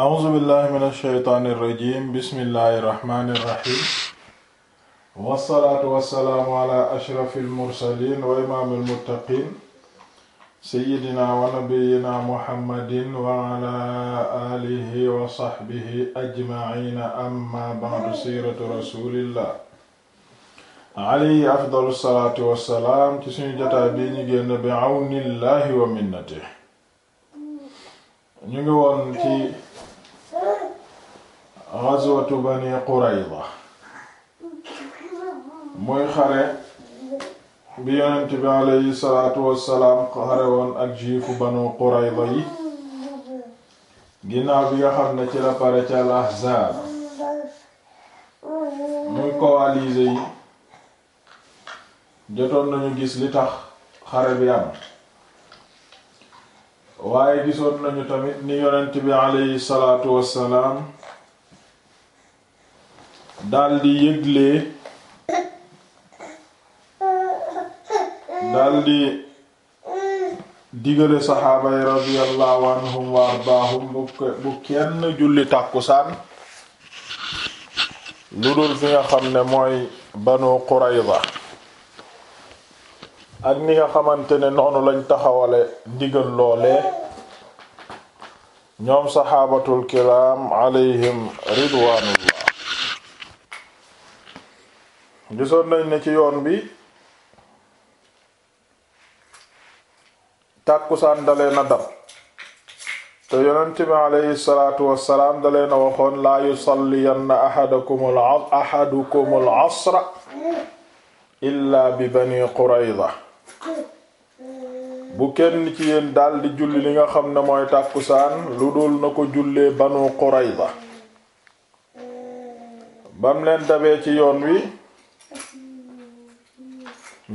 a'uuzu billahi mina shaytaani rajiim bismillahi rahmaani rahiim wassalaatu wassalaamu ala ashrafil mursaliin wa imaamil muttaqiin sayyidina wa nabiyyina muhammadin wa ala aalihi wa sahbihi ajma'iina amma ba'du siiratu rasuulillah alayhi afdalu salaatu wassalaam ci suñu jotaay bi ñu génn bi awnillahi wa minnatihi ñu ngi woon ci ghazwatu bani qurayza mooy xare bi yonent bi alayhi salaatu wassalaam xare woon ak jiifu banu qurayza yi ginnaaw bi nga xam ne ci la pare ca al ahzaab muy coalisé yi jotoon nañu gis li tax xare bi am waaye gisoon nañu tamit ni yonent bi alayhi salaatu wassalaam daldi yëgle daldi digale saxaaba yi radiyallahu anhum wa ardaahum bu kenn julli tàkkusaan lu dul fi nga xam ne mooy banu Qurayza ak ni nga xamante ne noonu lañ taxawale ndigal loole ñoom saxaabatul kiram alayhim ridwaanullah gisoon nañ ne ci yoon bi tàkkusaan dalee na dab te yonent bi alayhi salaatu wassalaam dalee na waxoon laa yusalliyanna ahadakumul ahadukumul asra illaa bi bani qurayza bu kenn ci yéen daldi julli li nga xam ne mooy tàkkusaan lu dul na ko jullee banu qurayza bam leen dabee ci yoon wi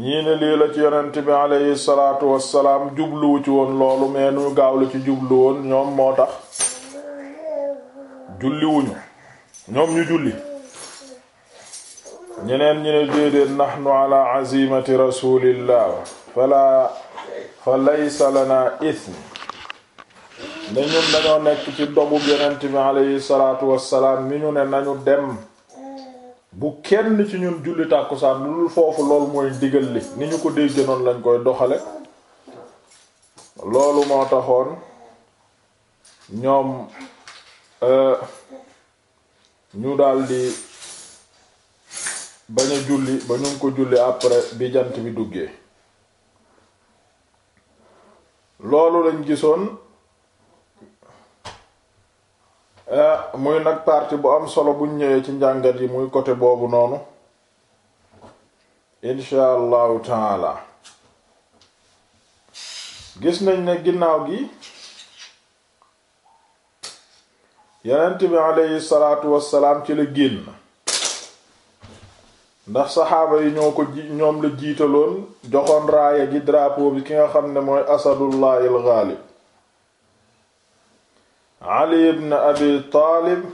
ñii ne lii la ci yonent bi aleyhi salaatu wassalaam jubluwu ci woon loolu mais nu gaaw la ci jublu woon ñoom moo tax julliwuñu ñoom ñu julli ñeneen ñi ne déedéet nahnu ala azimati rasulillah fala fa laysa lana ithm ne ñun dañoo nekk ci dobu yonent bi aleyhi salaatu wassalaam mi ñu ne nañu dem bu kenn ci ñun julli tàkkusaan lu dul foofu loolu mooy digal li ni ñu ko dégg noonu lañ koy doxale loolu moo taxoon ñoom euh, ñu daldi bañ a julli ba ñu ko julli après bi jant bi duggee loolu lañ gisoon Eh, muy nag partie bu am solo buñ ñëwee ci njàngat yi muy côté boobu noonu insha allahu taala gis nañ ne ginnaaw gi yonent bi aleyhi salaatu wassalaam ci la génn ndax saxaaba yi ñoo ko ji ñoom la jiitaloon joxoon raaya gi drapeau bi ki nga xam ne mooy asadullahi al ali ibn abi taalib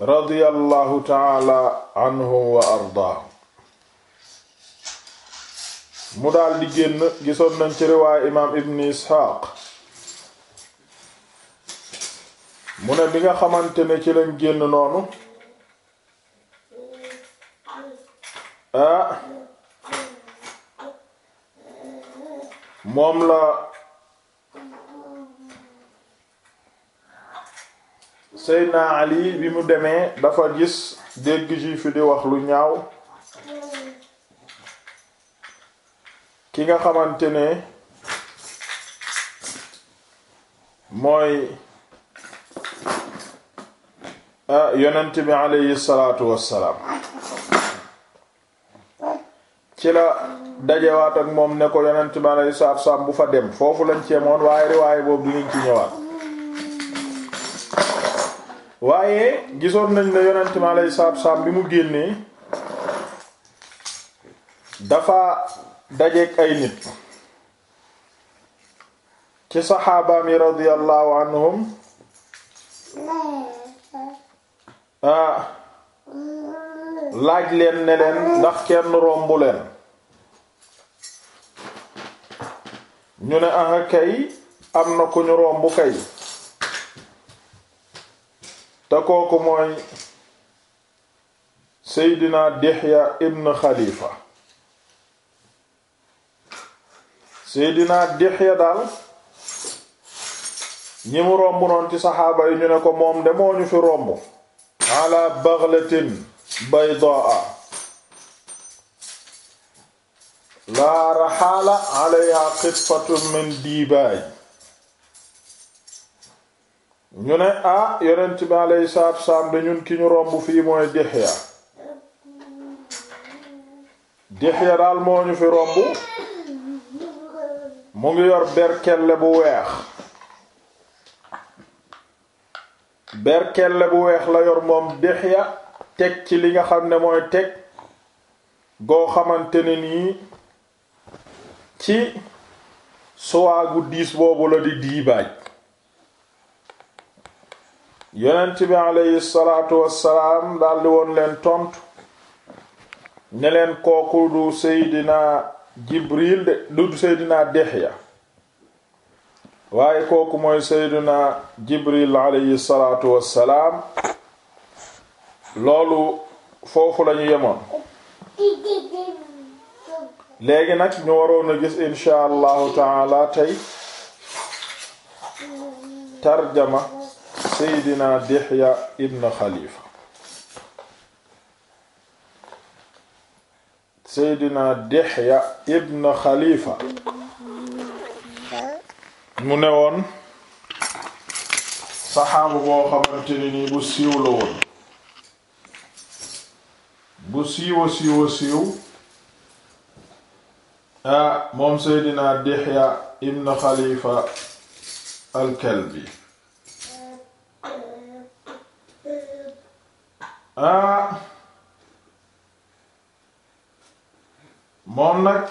radiyallahu taala anhu wa ardaahu mu daal di génn gisoon nañ ci riwaay imaam ibn isxaaq mu ne bi nga xamante ne ci lañ génn noonu ah moom la Seydina Ali bi mu demee dafa gis dégg juif yi di wax lu ñaaw ki nga xamante ne mooy yonent bi aleyhi salaatu wassalaam ci la dajewaat moom ne ko yonent bi aleyhi salaatu wassalaam bu fa dem foofu lañ ceemoon waaye riwaaye boobu dinañ ñëwaat waaye gisoon nañ ne yonent mi alayhi salaatu bi mu génnee dafa dajeek ay nit ci saxaabam yi radiyallahu anhum ah laaj leen ne leen ndax kenn rombu leen ñu ne aha kay am na ku ñu rombu kay te kooku mooy seydina dihya ibn xalifa seydina dihya daal ñi mu romb noon ci saxaaba yi ñu ne ko moom de moo ñu fi romb ala baghlatin baydaa la raxaala alayha qitfatun min dibaaj ñu ne ah yonent bi alayhi salaatu salaam de ñun ki ñu romb fii mooy Dihya Dihya daal moo ñu fi robb mu ngi yor berkelle bu weex berkelle bu weex la yor moom ya teg ci li nga xam ne mooy teg goo xamante ne nii ci suwaagu diis boobu la di diibaaj yonent bi aleyhi salaatu wassalaam daldi woon leen tontu ne leen kooku du seydina jibril de du seydina dexya waaye kooku mooy seydina jibril aleyhi salaatu wassalaam loolu foofu lañu yemoon léegi nag ñu waroon a gis insha allahu taala tey tarjama seydina Dihya ibn Khalifa mu ne woon saxaaba boo xamante ne nii bu siiw la woon bu siiwa siiwa siiw ah moom seydina Dihya ibn Khalifa al ah moom nag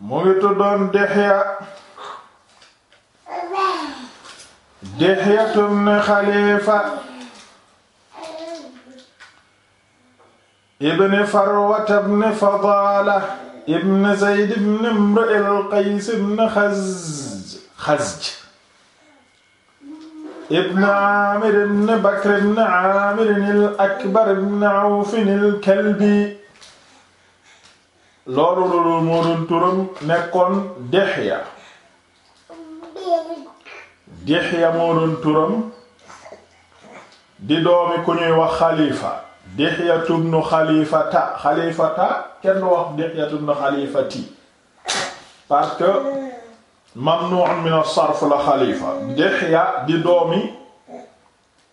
mu ngi tuddoon Dihya Dihya ibn Khalifa ibn Farwa ibn Fadala ibn Zayd ibn Imr al-Qays ibn Khazj ibn Aamir ibn Bakr ibn Aamir al-Akbar ibn turam nekkoon Dihya Dihya moo turam di doomi ku ñuy wax Xalifa Dihya ibn Xalifata Xalifata kenn wax Dihya ibn Xalifati parce que mamnu'un min as-sarf la xalifa Dihya di doomi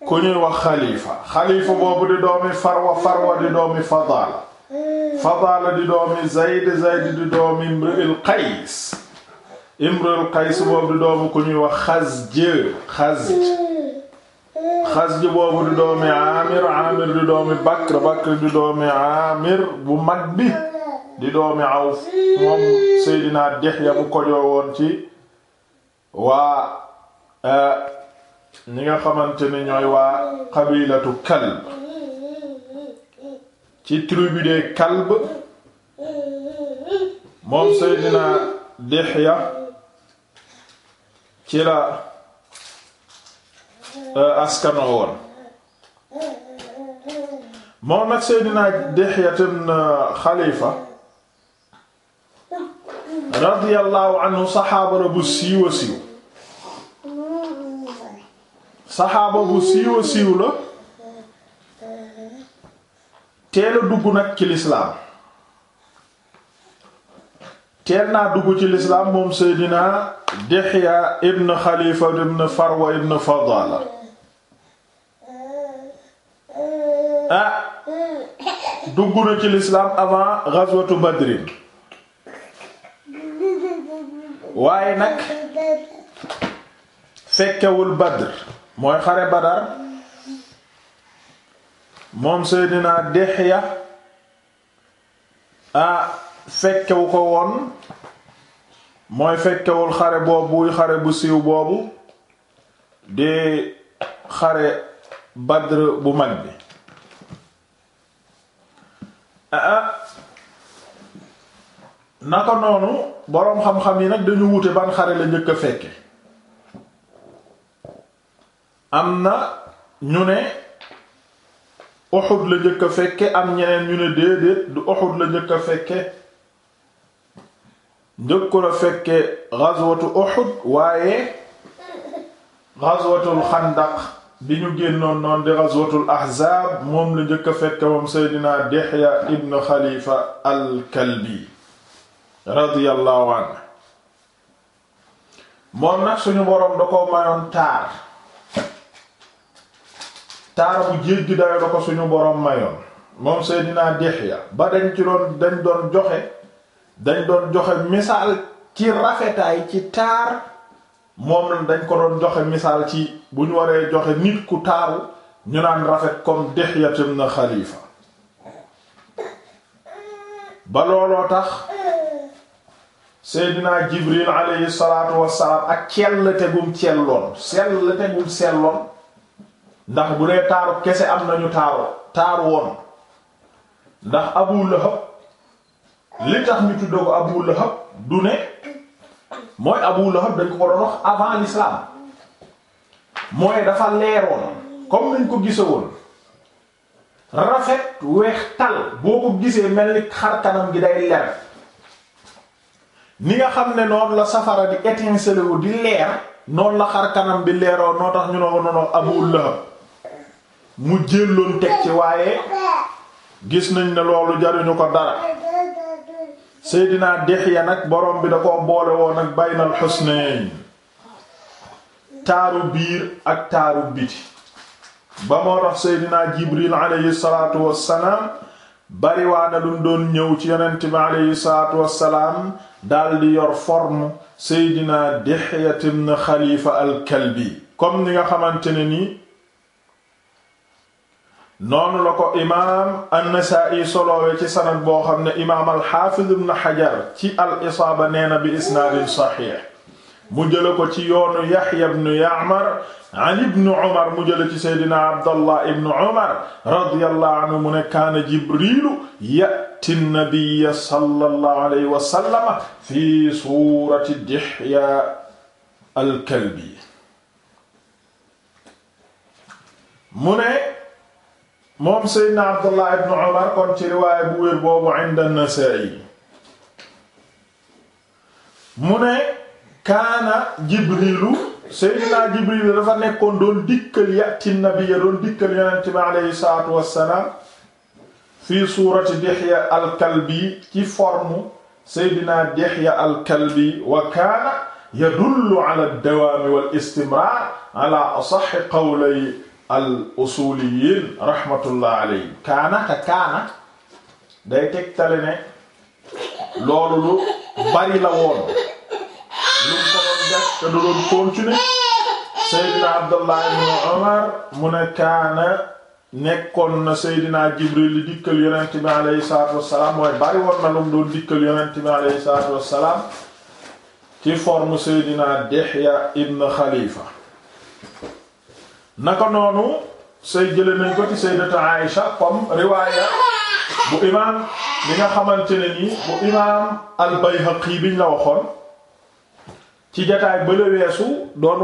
ku ñuy wax xalifa xalifa boobu di doomi farwa farwa di doomi fadaala fadaala di doomi zayd zayd di doomi imril qays imril qays boobu di doomi ku ñuy wax xasj xasj xasj boobu di doomi amir amir di doomi bakr bakr di doomi amir bu mag bi di doomi Awf moom Seydina Dihya mu kojoo woon ci waa euh, ñi nga xamante ni ñooy waa qabilatu Kalb ci tribu de Kalb moom Seydina Dihya ci la euh, askano woon moom nag Seydina Dihya ibn Khalifa euh, radiyallahu anhu saxaaba bu siiwa siiw saxaaba bu siiwa siiw la teel dugg nag ci lislaam teel naa dugg ci lislaam moom seydina Dihya ibn Xalifa ibn Farwa ibn Fadala ah dugg na ci lislaam avant ghazwatu Badrin waaye nag fekkewul Badr mooy xare Badar moom Seydina Dihya a fekkewu ko woon mooy fekkewul xare boobu xare bu siiw boobu di xare Badr bu mag bi ko noonu boroom xam-xam yi nag dañu wuti ban xare la njëkk a fekke am na ñu ne Uhud la jëkk a fekke am ñeneen ñu ne déedéet du Uhud la jëkk a fekke njëkku la fekke ghazwatu Uhud waaye ghazwatul Xandaq bi ñu génnoo noon di ghazwatul Ahzaab moom la jëkk a fekke moom Seydina Dihya ibn Khalifa al-Kalbi radiyallahu anhu moom nag suñu boroom da ko mayoon taar taar bu jéggi dayo da ko suñu boroom mayoon moom Seydina Dihya ba dañ ci doon doon joxe dañ doon joxe misaal ci rafetaay ci taar moom dañ ko doon joxe misaal ci bu ñu waree joxe nit ku taaru ñu naan rafet comme Dihya ibn Khalifa ba looloo tax seydinaa jibril aleyhi salaatu wassalaam ak cell tegum celloon sell tegum selloon ndax bu dee taaru kese am nañu taaru taaru woon ndax abu lahab li tax ñu tudde ko abu lahab du ne mooy abu lahab dañ ko ko doon wax avant l'islam mooy dafa leeroon comme niñ ko gise woon rafet weex tal boo ko gisee mel ni xar kanam gi day leer ni nga xam ne noonu la safara di étincelé wu di leer noonu la xar kanam bi leeroo noo tax ñu noo noonu Abu Lahab mu jëlloon teg ci waaye gis nañ ne loolu jaruñu ko dara Seydina Dihya nag borom bi da ko boole woon ak baynal husnayn taaru biir ak taaru biti ba moo tax Seydina Jibril alayhi salaatu bariwaana lum doon ñëw ci yonent bi aleyhi salaatu wassalaam daldi yor forme seydina Dihya ibn Xalifa al-Kalbi comme ni nga xamante ne ni noonu la ko imaam an-Nasaa'i ci sanad boo xam ne imaam al-Haafiz ibn Hajar ci al-Isaaba neena na saxiix mu jële ko ci yoonu Yahya ibn Ya'mar an ibn Umar mu jële ci Seydina Abdallah ibn Umar radiyallahu anhu mu ne kaana Jibriilu ya'ti an-nabiyya sallallahu alayhi wa sallam fi suurati Dihya al-Kalbi mu ne moom Seydina Abdallah ibn Umar kon ci riwaaya bu wér boobu inda an-Nasaa'i mu ne kaana jibrilu seydinaa jibril dafa nekkoon doon dikkal yati nabiyya doon dikkal yonente bi aleyhi salaatu wassalaam fii suurati dihya alkalbi ci forme seydinaa dihya alkalbi wa kaana yadullu ala dawaami wal istimraar ala asaxi qawlay rahmatullah aleyhi kaana ka day tegtale ne loolu lu bari te du doon continuer Seydina Abdallah ibn Umar mu ne kaana nekkoon na Seydina Jibril di dikkal yonent bi aleyhi salaatu wassalaam mooy bari woon na lu doon dikkal yonent bi aleyhi salaatu wassalaam ci forme Seydina Dihya ibn Khalifa naka noonu say jële ko ci Sayyidatu Aïsha comme riwaaya bu imaam bi nga xamante ne nii bu imaam al-Bayhaqi biñ la waxoon ci jataay bële weesu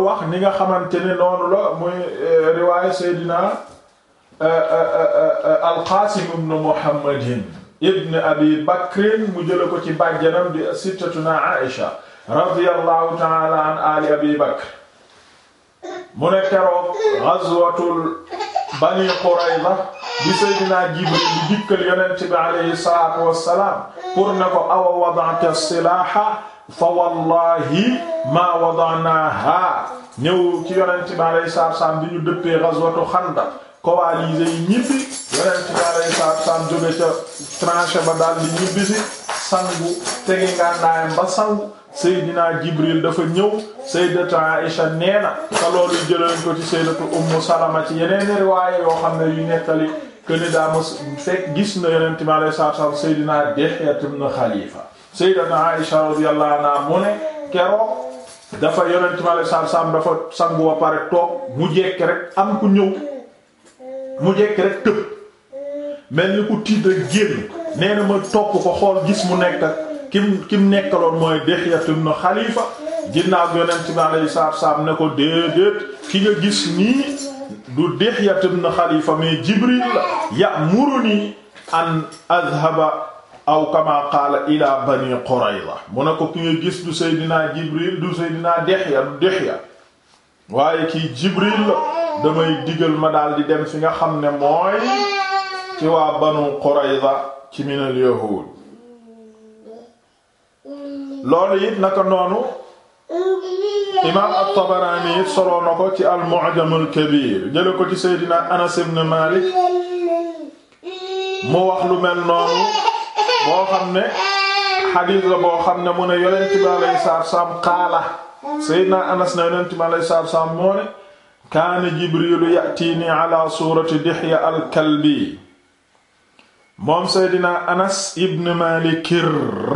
wax ni nga xamante ne noonu la muy euh, riwaaye seydina euh, euh, alqaasim ibnu muhammadin ibn abi bakrin mu jële ko ci bàjjanam di aisha radiyallahu taala an abi bakr mu ne keroog ghazwatul bani qurayza bi seydina jibril di dikkal yonent bi alayhi salaatu wassalaam pour ko awa wada'ta silaaha fa wallahi ma wada'naha ñëw ci yonent bi alayhi salaatu bi ñu dëppee ghazwatu Xandaq coalisé yi ñibbi yonent bi alayhi salaatu salaam jóge ca tranchée ba daal di ñibbi si sangu tegi ngànnaayam ba sangu Seydina Jibril dafa ñëw Sayyidatu Aïcha nee na te loolu jëlee ko ci Sayyidatu Ummu Salama ci yeneen riwaaya yoo xam ne yu nettali que daa ma fekk gis na yonent bi alayhi salaatu salaam Seydina Dihya sayyidana Aisha radiyallahu anha mu ne keroog dafa yonent mi alayhi salaatu salaam dafa sangu ba pare toog mu jekk rek am ku ñëw mu jekk rek tëb mel ni ku tiit rek génn nee na ma topp ko xool gis mu nekk kim kim nekkaloon mooy Dihya ibn Khalifa ginnaaw bi yonent mi alayhi salaatu salaam ne ko déedéet ki nga gis nii du Dihya ibn Khalifa mais Jibril la ya'muruni an azhaba aw kama qaala ila qurayza mu ne ko ki nga gis du seydinaa jibril du seydinaa dexya du dexya waaye kii jibril la damay digal ma daal di dem fi nga xam ne mooy ci waa banu qurayza ci minal yahuud loolu it naka noonu imaam at-Tabarani it ko ci al-Mu'jam al-Kabir ko ci seydinaa anas ibn malik mu wax lu mel noonu boo xam ne xadiis xam ne mu ne yonent bi alayhi salaatu salaam qaala Seydina Anas ne kaana Jibriilu ya'tiinii alaa suurati Dihya al moom Seydina Anas ibn Maalik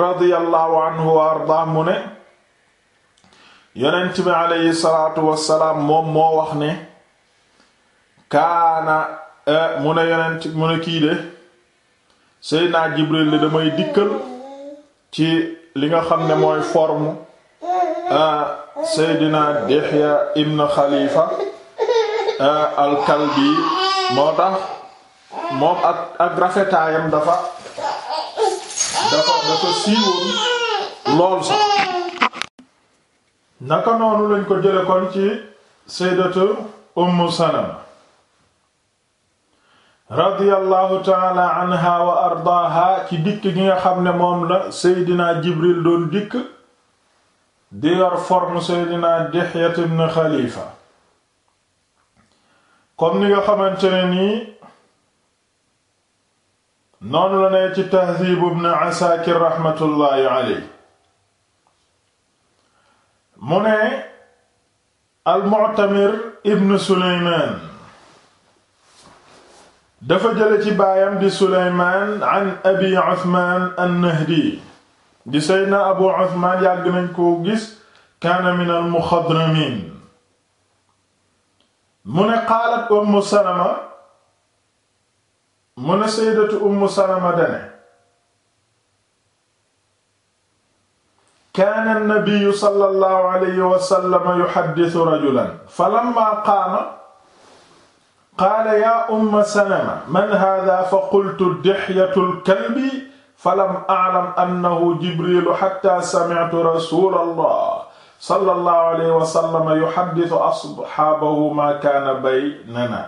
radiyallahu anhu wa eh, mu ne yonent mu ne yonent Seydina Jibril li damay dikkal ci li nga xam ne mooy forme ah, Seydina Dihya ibn Khalifa ah, al-Kalbi moo tax moom ak ak rafetaayam dafa dafa ko siiwoon lool sax naka noonu lañ ko jële kon ci Sayyidatu Ummu Salama radiyallahu taala anha wa ardaaha ci dikk gi nga xam ne moom la seydina jibril doon dikk di yor forme seydina Dihya ibn Khalifa comme ni nga xamante ne nii noonu la ne ci tahdiib ibn Asakir raxmatullaahi aley mu ne al ibn Suleymaan dafa jële ci baayam di suleymaan an abi uthman an-nahdi di seydna abu uthman yàgg nañ koo gis kaana min al-muxadramin mu ne qaalat ummu salama mu ne seydatu ummu salama dane kaana an-nabiyyu sallallahu alayhi wa sallam yuhaddisu rajulan falamma qaama qaala yaa umma salama man haadaa fa qultu dihyatul kalbi falam a'lam annahu jibriilu hattaa sami'tu rasuulallah sallallahu alayhi wa sallam yuhaddithu ashaabahu maa kaana baynanaa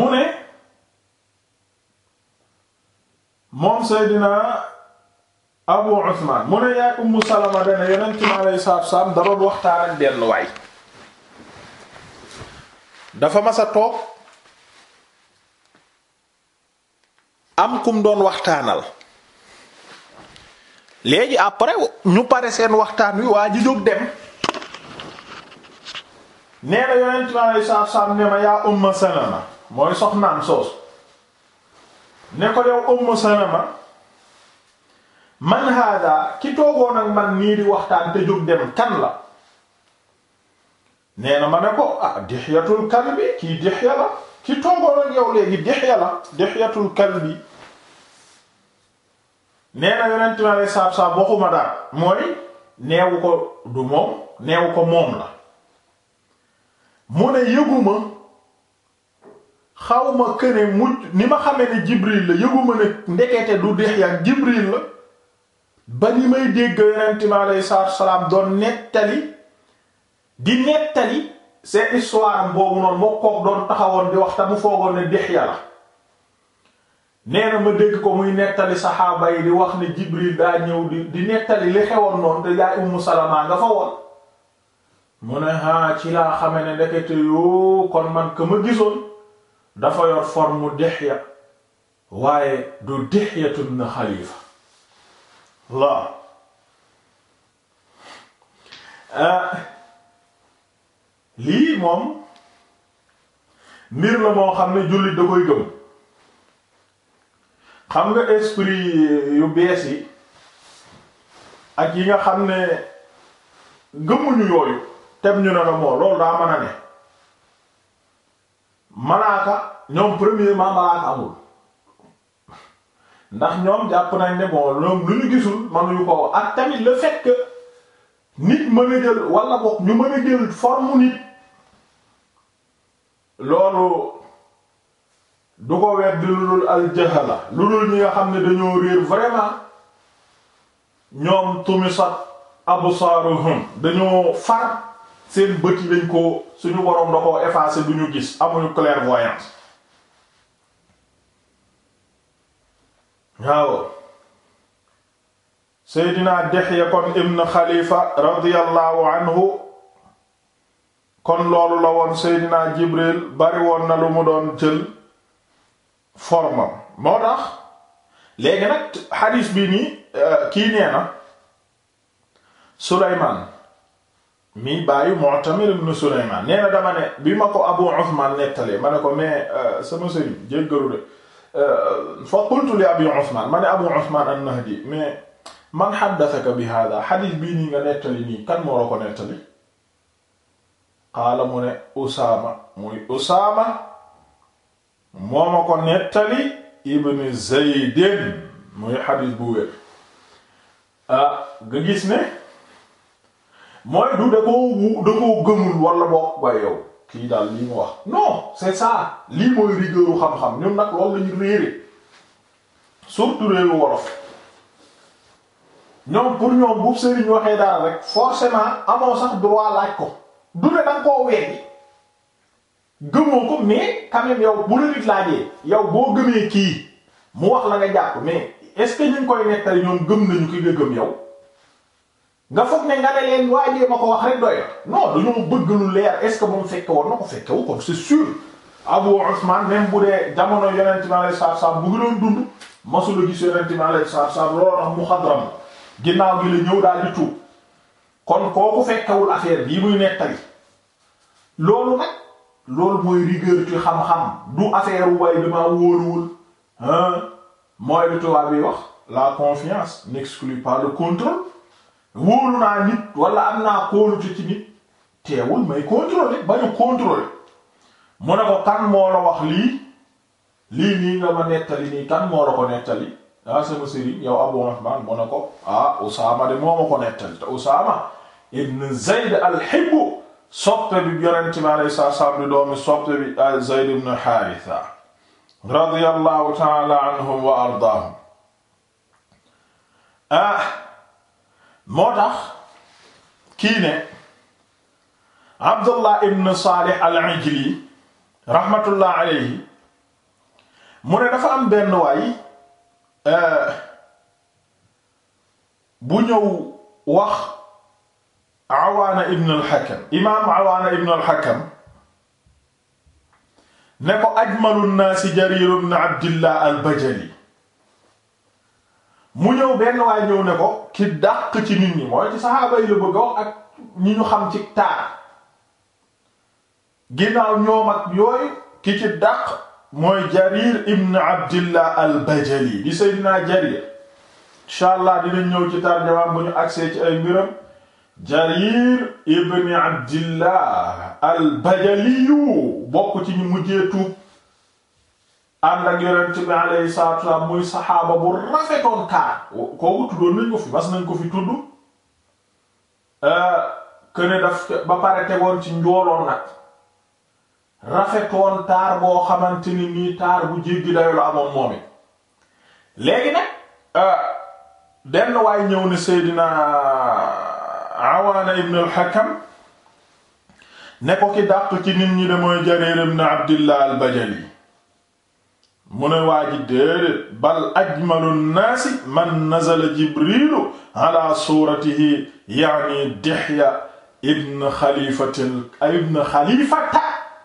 mu ne moom Seydina abu usman mu ne yaay ummu salama dana yonent mi alayhi salaatu wasalaam da doon waxtaan ak waay dafa mas a toog am kum doon waxtaanal léegi après ñu pare seen waxtaan wi waa ji jóg dem nee na yonent mi alayhi salaatu wasalaam ne ma yaa ummu salama mooy soxnaam soosu ne ko yow ummu salama man hada ki toogoon ak man nii di waxtaan te jóg dem kan la nee na ma ne ko ah dihyatul kalbi kii dihya la ki toogoon ak yow léegi dihya la dihyatul kalbi nee na yonent ma lay saab saab waxuma daal mooy neewu ko du moom neewu ko moom la mu ne yëguma xawma këne mujj ni ma xamee ne Jibril la yëguma ne ndekete du dihya Jibril la ba ni may dégg yonent bi aleyhi salaatu wasalaam doon nettali di nettali seen histoire boobu noonu moo koog doon taxawoon di wax te mu foogoon ne Dihya la nee ma dégg ko muy nettali saxaaba yi di wax ne Jibril daa ñëw di nettali li xewoon noonu te yaay Ummu Salama nga fa woon mu ne ah ci laa xame ne ndekete yoo kon man ka ma gisoon dafa yor forme mu Dihya waaye du Dihyatun na Xalifa waaw ah, lii moom mbir la moo xam ne jullit da koy xam nga esprit yu bees yi ak yi nga xam ne gëmuñu yooyu tem ñu ne la moo loolu daa mën a ne malaaka ñoom premièrement malaaka amul ndax ñoom jàpp nañ ne bon ñoom lu ñu gisul mënuñu ko wax ak tamit la fait que nit mën a jël wala boog ñu mën a jël forme nit loolu du ko wedd lu dul aljahala lu dul ñi nga xam ne dañoo réer vraiment ñoom tumisat absaaruhum dañoo far seen bët yi lañ ko suñu boroom da ko effacer du ñu gis amuñu clairvoyance waaw seydina Dihya kon ibn Xalifa radiyallahu anhu kon loolu la woon seydina Jibril bari woon na lu mu doon jël formam moo tax léegi nag xadiis bi nii euh, kii nee na Sulaymaan mi bàyyi Mu'tamir ibn Sulaymaan nee na dama ne bi ma ko Abu Usmaan nettalee ma ne ko mais euh, sama sëriñ jéggalu de Euh, fa qultu li abi Usman ma ne abu Usman an-Nahdi mais man haddathaka bi hada xadis bii nii nga nettali nii kan moo la ko nettali qaala mu ne Usaama muy Usaama moo ma ko nettali ibn Zaydin muy xadis bu wér ah nga gis ne mooy du da koo da koo gëmul wala bokk ba yow kii daal lii mu wax non c'est ça lii mooy rigueur xam-xam ñun nag loolu lañu réere surtout réewu wolof ñoom pour ñoom bu sëriñ waxee daal rek forcément amoo sax droit laaj ko du ne danga koo weegi gëmoo ko mais quand même bu la nit laajee yow boo gëmee kii mu wax la nga jàpp mais est-ce que ñu koy nettali ñoom gëm nañu ki nga gëm yow nga foog ne nga ne leen waajee ma ko wax rek doy non dañoo bëgg lu leer est ce que moom fekke woon na ko fekke wu kon c'est sûr Abu Usman même bu dee jamono yonent mi alayhi salaatu salaam bu ngi doon dund masula gis yonent mi alayhi salaatu salaam looloo tax mu xadram ginnaaw gi la ñëw daal di tuub kon kooku fekkewul affaire bii muy nettali loolu nag loolu mooy rigueur ci xam-xam du affaire waaye damaa wóoruwul ah mooy li tubaab yi wax la confiance n'exclut pas wóolu naa nit wala am naa kóolute ci nit teewul may contrôler bañu contrôler mu ko kan moo wax lii lii nii nga ma nettali nii kan moo ko nettali daa sama sëriñ yow Abu Rahman mu ne ko ah Usaama de moo ko nettali te Usaama ibn Zayd al-Hibbu soppe bi yonente bi salaam di doomi soppe bi ah, Zayd ibn Haarisa ta'ala anhum wa ardaahum ah, moo tax kii ne Abdullah ibn Salih al-Ijli rahmatullah alayhi mu ne dafa am benn waay euh, bu ñëw wax Awaana ibn al-Hakam imaam Awaana ibn al-Hakam ne ko ajmalu nnaasi Jarir ibn Abdillah al-Bajali mu ñëw benn waaye ñëw ne ko ki dàq ci nit ñi mooy saxaaba yi la bëgg ak ñi ñu xam ci taar ginnaaw ñoom ak yooyu ki ci dàq mooy Jarir ibn Abdillah al-Bajali di Seydina Jarir incha allah dinañ ñëw ci tarjamaam bu ñu agsee ci ay mbiram Jarir ibn Abdillah al-Bajali bokk ci ñu mujjee tuub ànd ak yonent bi alayhi salaatu muy saxaaba bu rafetoon taar kooku tuddoon nañ ko fi bas nañ fi tudd këne euh, daf ba pare tegoon ci njooloon nag rafetoon taar boo xamante ni nii taar bu jéggi dayo la amoon moom it léegi nag euh, denn waay ñëw ne Seydina Awaana ibn al-Hakam ne ko ki dàq ci nit ñi de mooy Jarir ibn Abdillah al-Bajali mu ne waa ji déedéet bal ajmalu nnaasi man nazala jibrilu ala suratihi yaani dihya ibn xalifatil ibn xalifata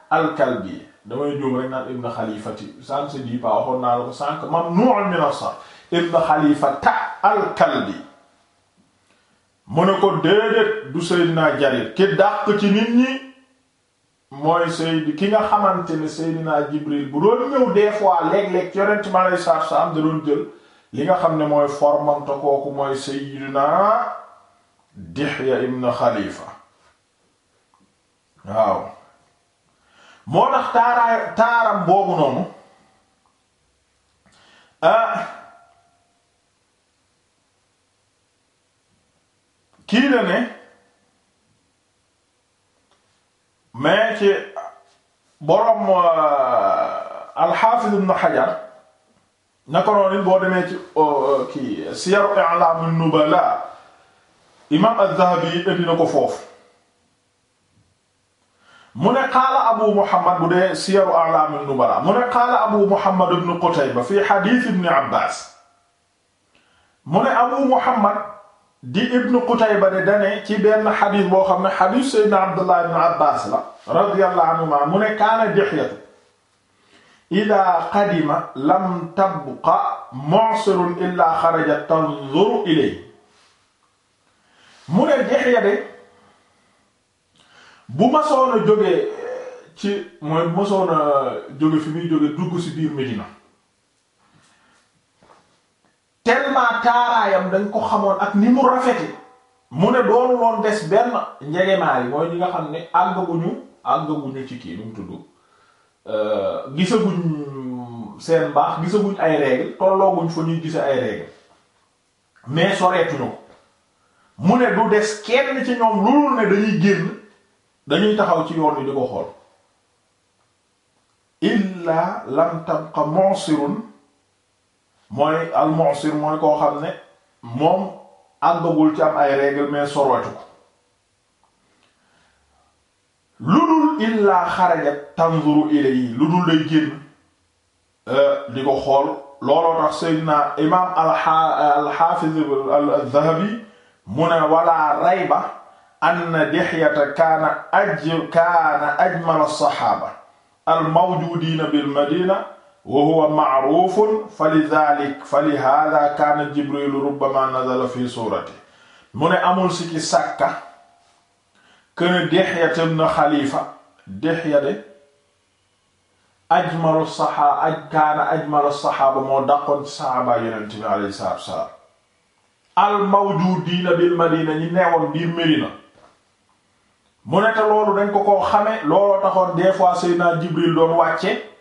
alkalbi damay juum rek naan ibn xalifati san se di pa waxoon naa la ko sànq mamnu'un min as-sarf ibn xalifata alkalbi mu ne ko déedéet du sayyidina jarir ki dàq ci nit ñi mooy Seydou ki nga xamante ne Seydina Jibril bu doon ñëw des fois léeg-léeg yonent ma lay saaf saaf da doon jël li nga xam ne mooy formante kooku mooy Seydina Dihya ibn Khalifa waaw moo tax taaraay taaram boobu noonu ah, kii la ne. mais ci borom euh, alxaafiz ibn Hajar naka noonu boo demee ci euh, kii Siyar A'lam an-Nubala imaam az-Zahabi indi na ko foofu mu ne qaala abu muhammad bu dee Siyar A'lam an-Nubala mu ne qaala abu muhammad ibn Qutayba fi hadith ibn Abbas mu ne abu muhammad di ibnu Qutayba de dane ci benn xadis boo xam ne xadis Seydina Abdullah ibn Abbas la radiyallahu anhuma mu ne kaana Dihyatu ida qadima lam tabqa mu'sirun illa xarajat tanzuru ilayhi mu ne Dihya de bu masoon a jógee ci mooy masoon a jóge fi muy jóge dugg ci biir Medina tellement taaraayam dañ ko xamoon ak ni mu rafeti mu ne doonu loon des benn njegemaar yi mooy ñi nga xam ne àggaguñu àggaguñu ci kii nu mu tudd euh, gisaguñ seen baax gisaguñ ay règle tollooguñ fa ñuy gise ay règle mais soreetuñu mu ne du des kenn ci ñoom loolu ne dañuy génn dañuy taxaw ci yoon wi di ko xool illa lam tabqa mu'sirun mooy al-mu'sir mooy koo xam ne moom àggagul ci am ay règle mais sorwatu ko lu dul illaa xarajat tanzuru ilayhi lu dul day génn euh, di ko xool looloo tax sayyidina imaam al-hafiz al-dhahabi mu ne wala rayba anna dihyata kaana aj kaana ajmal as-sahaaba al-mawjuudiina bil madina wa huwa ma'rufun fa li dhalik fa li hadha kaana jibrilu rubbama nazala fi surati mu ne amul si ki sàkka kën Dihya na Khalifa Dihya de ajmalu saxaa aj kaana ajmalu saxaaba moo daqoon ci saxaabaa yonent bi alayhi salaatu al mawjuudiina bil Madina ñi neewoon biir Medina mu ne te loolu dañ ko koo xame looloo taxoon des fois Seydina Jibril doon wàcce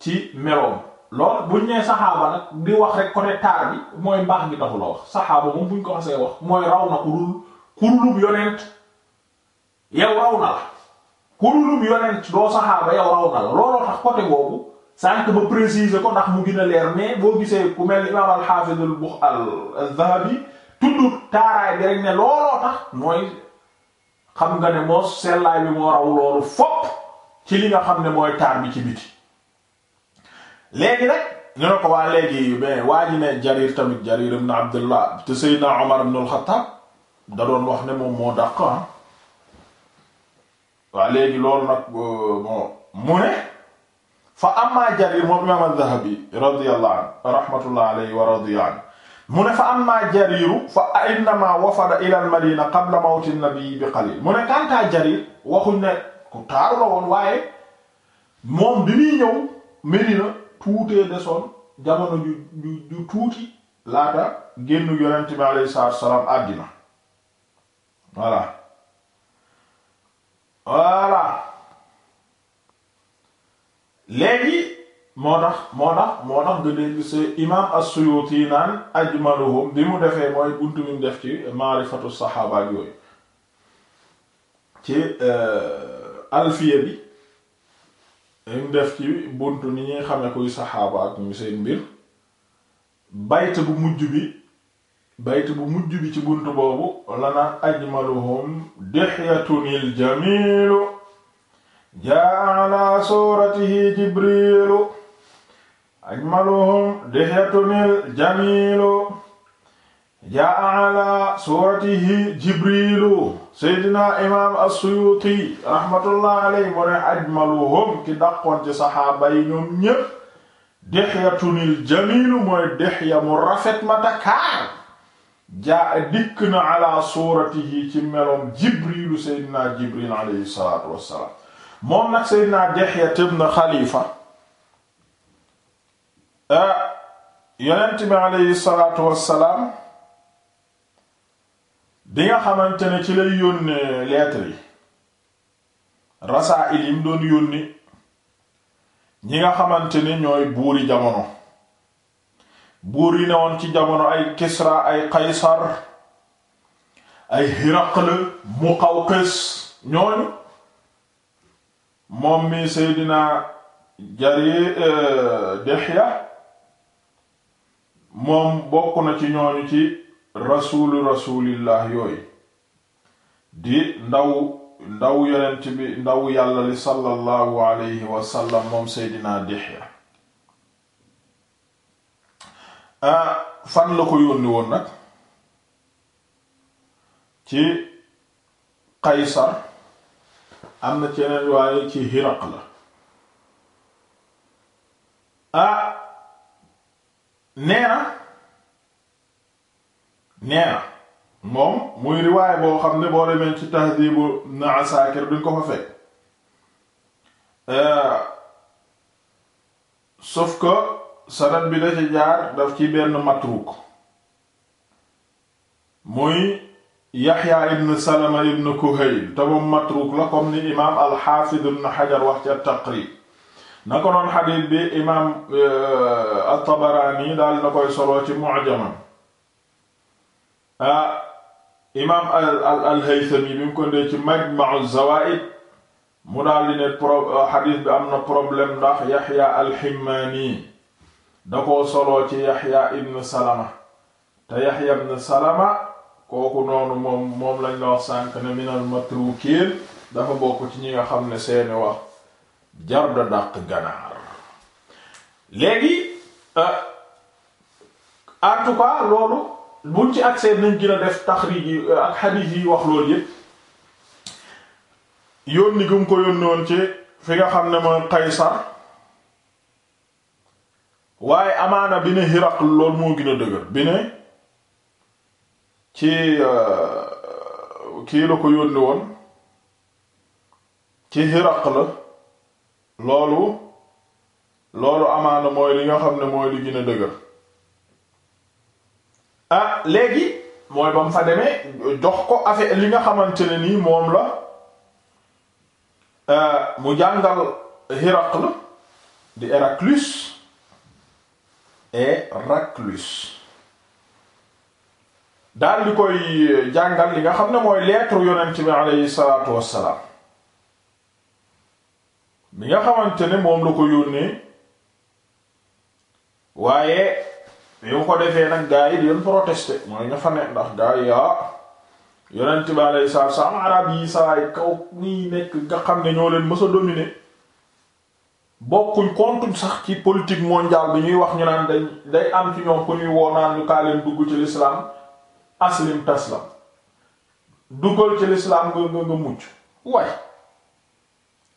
ci meloom loolu buñ nee saxaaba nag di wax rek côté taar bi mooy mbaax gi taxu la wax saxaaba moom buñ ko xasee wax mooy raw na kurul kurulub yonent yow raw na la kurulub yonent doo saxaaba yow raw na la looloo tax côté boobu sànq ba préciser ko ndax mu gën leer mais boo gisee ku mel imam al-Hafiz al-Zahabi tudd taaraay bi rek ne looloo tax mooy xam nga ne moo sellaay bi moo raw loolu fopp ci li nga xam ne mooy taar bi ci biti léegi nag ñu ne ko waa léegi mais waa ji ne Jarir tamit Jarir ibn Abdullah te Seydina Omar ibn al-Khattab da doon wax ne moom moo dàq ah waa léegi loolu nag euh, bon mu ne fa amma Jarir moom imaam al-Dhahabi radiyallahu anhu rahmatullahi alayhi wa radiya anhu mu ne fa amma jariru fa innama wafada ila al-madina qabla mawti an-nabi bi qalil mu ne kantaa Jarir waxuñ ne ku taaru la woon waaye moom bi muy ñëw Medina tuutee desoon jamono ju ju tuuti laata génnu yonent bi alayhi salaatu wassalaam àddina voilà voilà léegi moo tax moo tax moo tax nga dégg c'est imaam as-Suyuti naan ajmaluhum bi mu defee mooy buntu bi mu def ci maarifatu saxaaba ak ci euh, alfiya bi ñu def ci buntu ni ñuy xame kuy saxaaba ak ñu seen mbir bayt bu mujj bi bayt bu mujj bi ci buntu boobu lanaan ajmaluhum dixyatunil jamilu jaa ala suratihi jibrilu ajmaluhum dixyatunil jamilu jaa ala suratihi jibrilu seydina imam assuyuti rahmatullah alayhi mu ne ajmaluhum ki dàqoon ci saxaaba yi ñoom ñépp dexyatunil jamilu mooy dexya mu rafet ma takaar jaa dikk na ala suratihi ci meloom jibrilu seydina jibril alayhi salatu wassalaam moom nag seydina dexya ibn xalifa ah, yonent bi alayhi salatu wassalaam bi nga xamante ne ci lay yónnee lettre yi rasaa'il yi mu doon yónni ñi nga xamante ne ñooy buuri jamono buur yi woon ci jamono ay Kisra ay Qaysar ay Hiraql Muqawqis ñooñu moom mi Seydina Jari eh, Dihya moom bokk na ci ñooñu ci rasuulu rasuulillah yooyu di ndaw ndaw yonent bi ndaw yàlla li sallallahu alayhi wasallam moom seydinaa Dihya ah, fan la ko yónni ci Qaysar am na ci yeneen waaye ci Hiraq la ah nee na moom muy riwaay boo xam ne boo demee ci tahdibu na asakir duñ ko fa fekk euh, sauf que bi la ci jaar daf ci benn matruk muy yaxya ibn salama ibn kuhayl te moom matruk la comme ni imaam alxaafid ibn xajar wax ca taqrib na ko noon xadiit bi imaam euh, altabaraani daal na koy solo ci mu'jamam ah imaam al al haythami bi mu ko ci majma'u zawaid mu daal di ne pro bi am na problème ndax yaxya alximaani da koo soloo ci yaxya ibn salama te yaxya ibn salama kooku noonu moom moom lañ la wax sànk ne minal dafa bokk ci ñi nga xam ne seeni wax jar da dàq ganaar léegi euh, en tout buñ ci accès nañ gën a def taxrij yi euh, ak xadiis yi wax loolu yëpp yónni gum ko yónni woon ci fi nga xam ne mooy Qaysar waaye amaana bi ne Hiraql loolu moo gën a dëgër bi ne ci euh, kii la ko yónni woon ci Hiraql la loolu loolu amaana mooy li nga xam ne mooy li gën a dëgër ah léegi mooy ba fa demee jox ko affaire li nga xamante ne nii moom la euh, mu jàngal Héracle di Héraclus Héraclus daal di koy jàngal li nga xam ne mooy lettre yonent bi aleyhi salaatu wassalaam bi nga xamante ne moom la ko yónnee waaye bi ko defee nag gaa yi di doon protester mooy ña fa ne ndax gaa yi ah yonent bi alayhi salaatu salaam arab yi sawaay kaw nii nekk nga xam ne ñoo leen mës a dominer bokkuñ kontuñ sax ci politique mondiale bi ñuy wax ñu naan day day am ci ñoom ku ñuy woonaan ñu kaa leen dugg ci l'islam aslim taslam duggal ci lislaam nga nga nga mucc waaye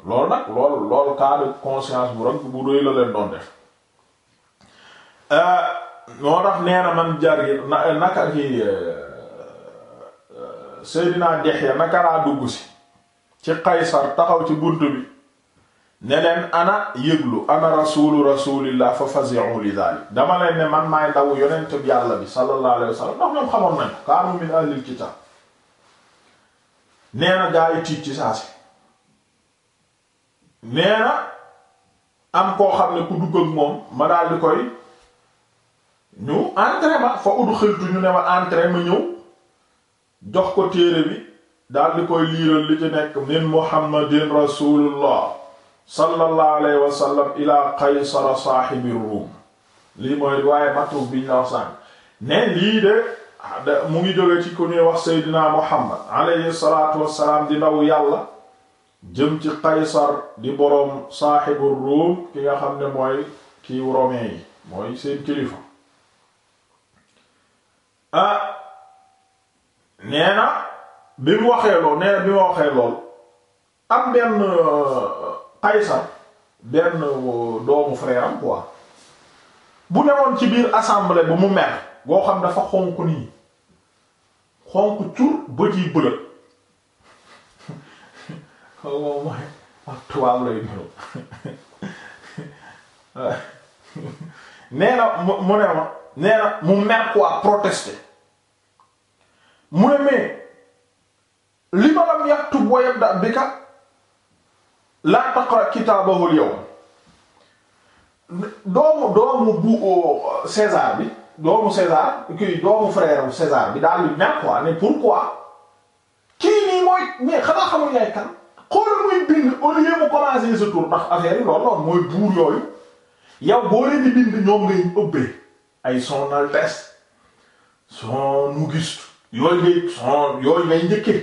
loolu nag loolu loolu cas de conscience bu rek bu réy la leen doon def euh, moo tax nee na man Jarir na eh, naka kii eh, eh, Seydina Dihya naka laa dugg si ci Qaysar taxaw ci bunt bi ne leen ana yëglu ana rasulu rasulillah fa fazi'u li dhalik dama leen ne man maay ndaw yonent bi yàlla bi sallallahu alayhi wa sallam ndax ñoom xamoon nañ kaanu min ahlil kitab nee na gaa tiit ci saa si nee na am koo xam ne ku dugg moom ma daal di koy ñu entré ma fa ut xëltu ñu ne ma entré ma ñëw jox ko téere bi daal di koy liiral li ci nekk min muhammadin rasulullah sallallahu alayhi wa sallam ila qaysara ruum lii mooy riwaaye matruf bi ñu la ne lii ah, de mu ngi jóge ci ku ñuy wax seydina muhammad alayhi salaatu wassalaam di ndaw yàlla jëm ci qaysar di boroom saahibu ruum ki nga xam ne mooy kiiw romain yi mooy seen kilifa ah nee na bi mu waxee lool nee bi mu waxee lool am benn Qaysar euh, benn euh, doomu frère am quoi bu newoon ci biir assemblée bu mu mer goo xam dafa xonq nii xonq cur bët yi bëlët moom mooy mu ne ma nee na mu mer quoi protester mu ne mais li ma lam yaktub wa yabda bika la taqra kitaabahu al yawm doomu doomu bu euh, César bi doomu César kii doomu frère César bi daal di mer quoi mais pourquoi kii nii mooy mais xanaa xamul yaay kan xoolal muy bind au lieu mu commencer sa tour ndax affaire yi loolu loolu mooy buur yooyu yow boo leen di bind ñoom ngay ëbbee. ay son altesse son auguste yooyu ngay son yooyu ngay njëkke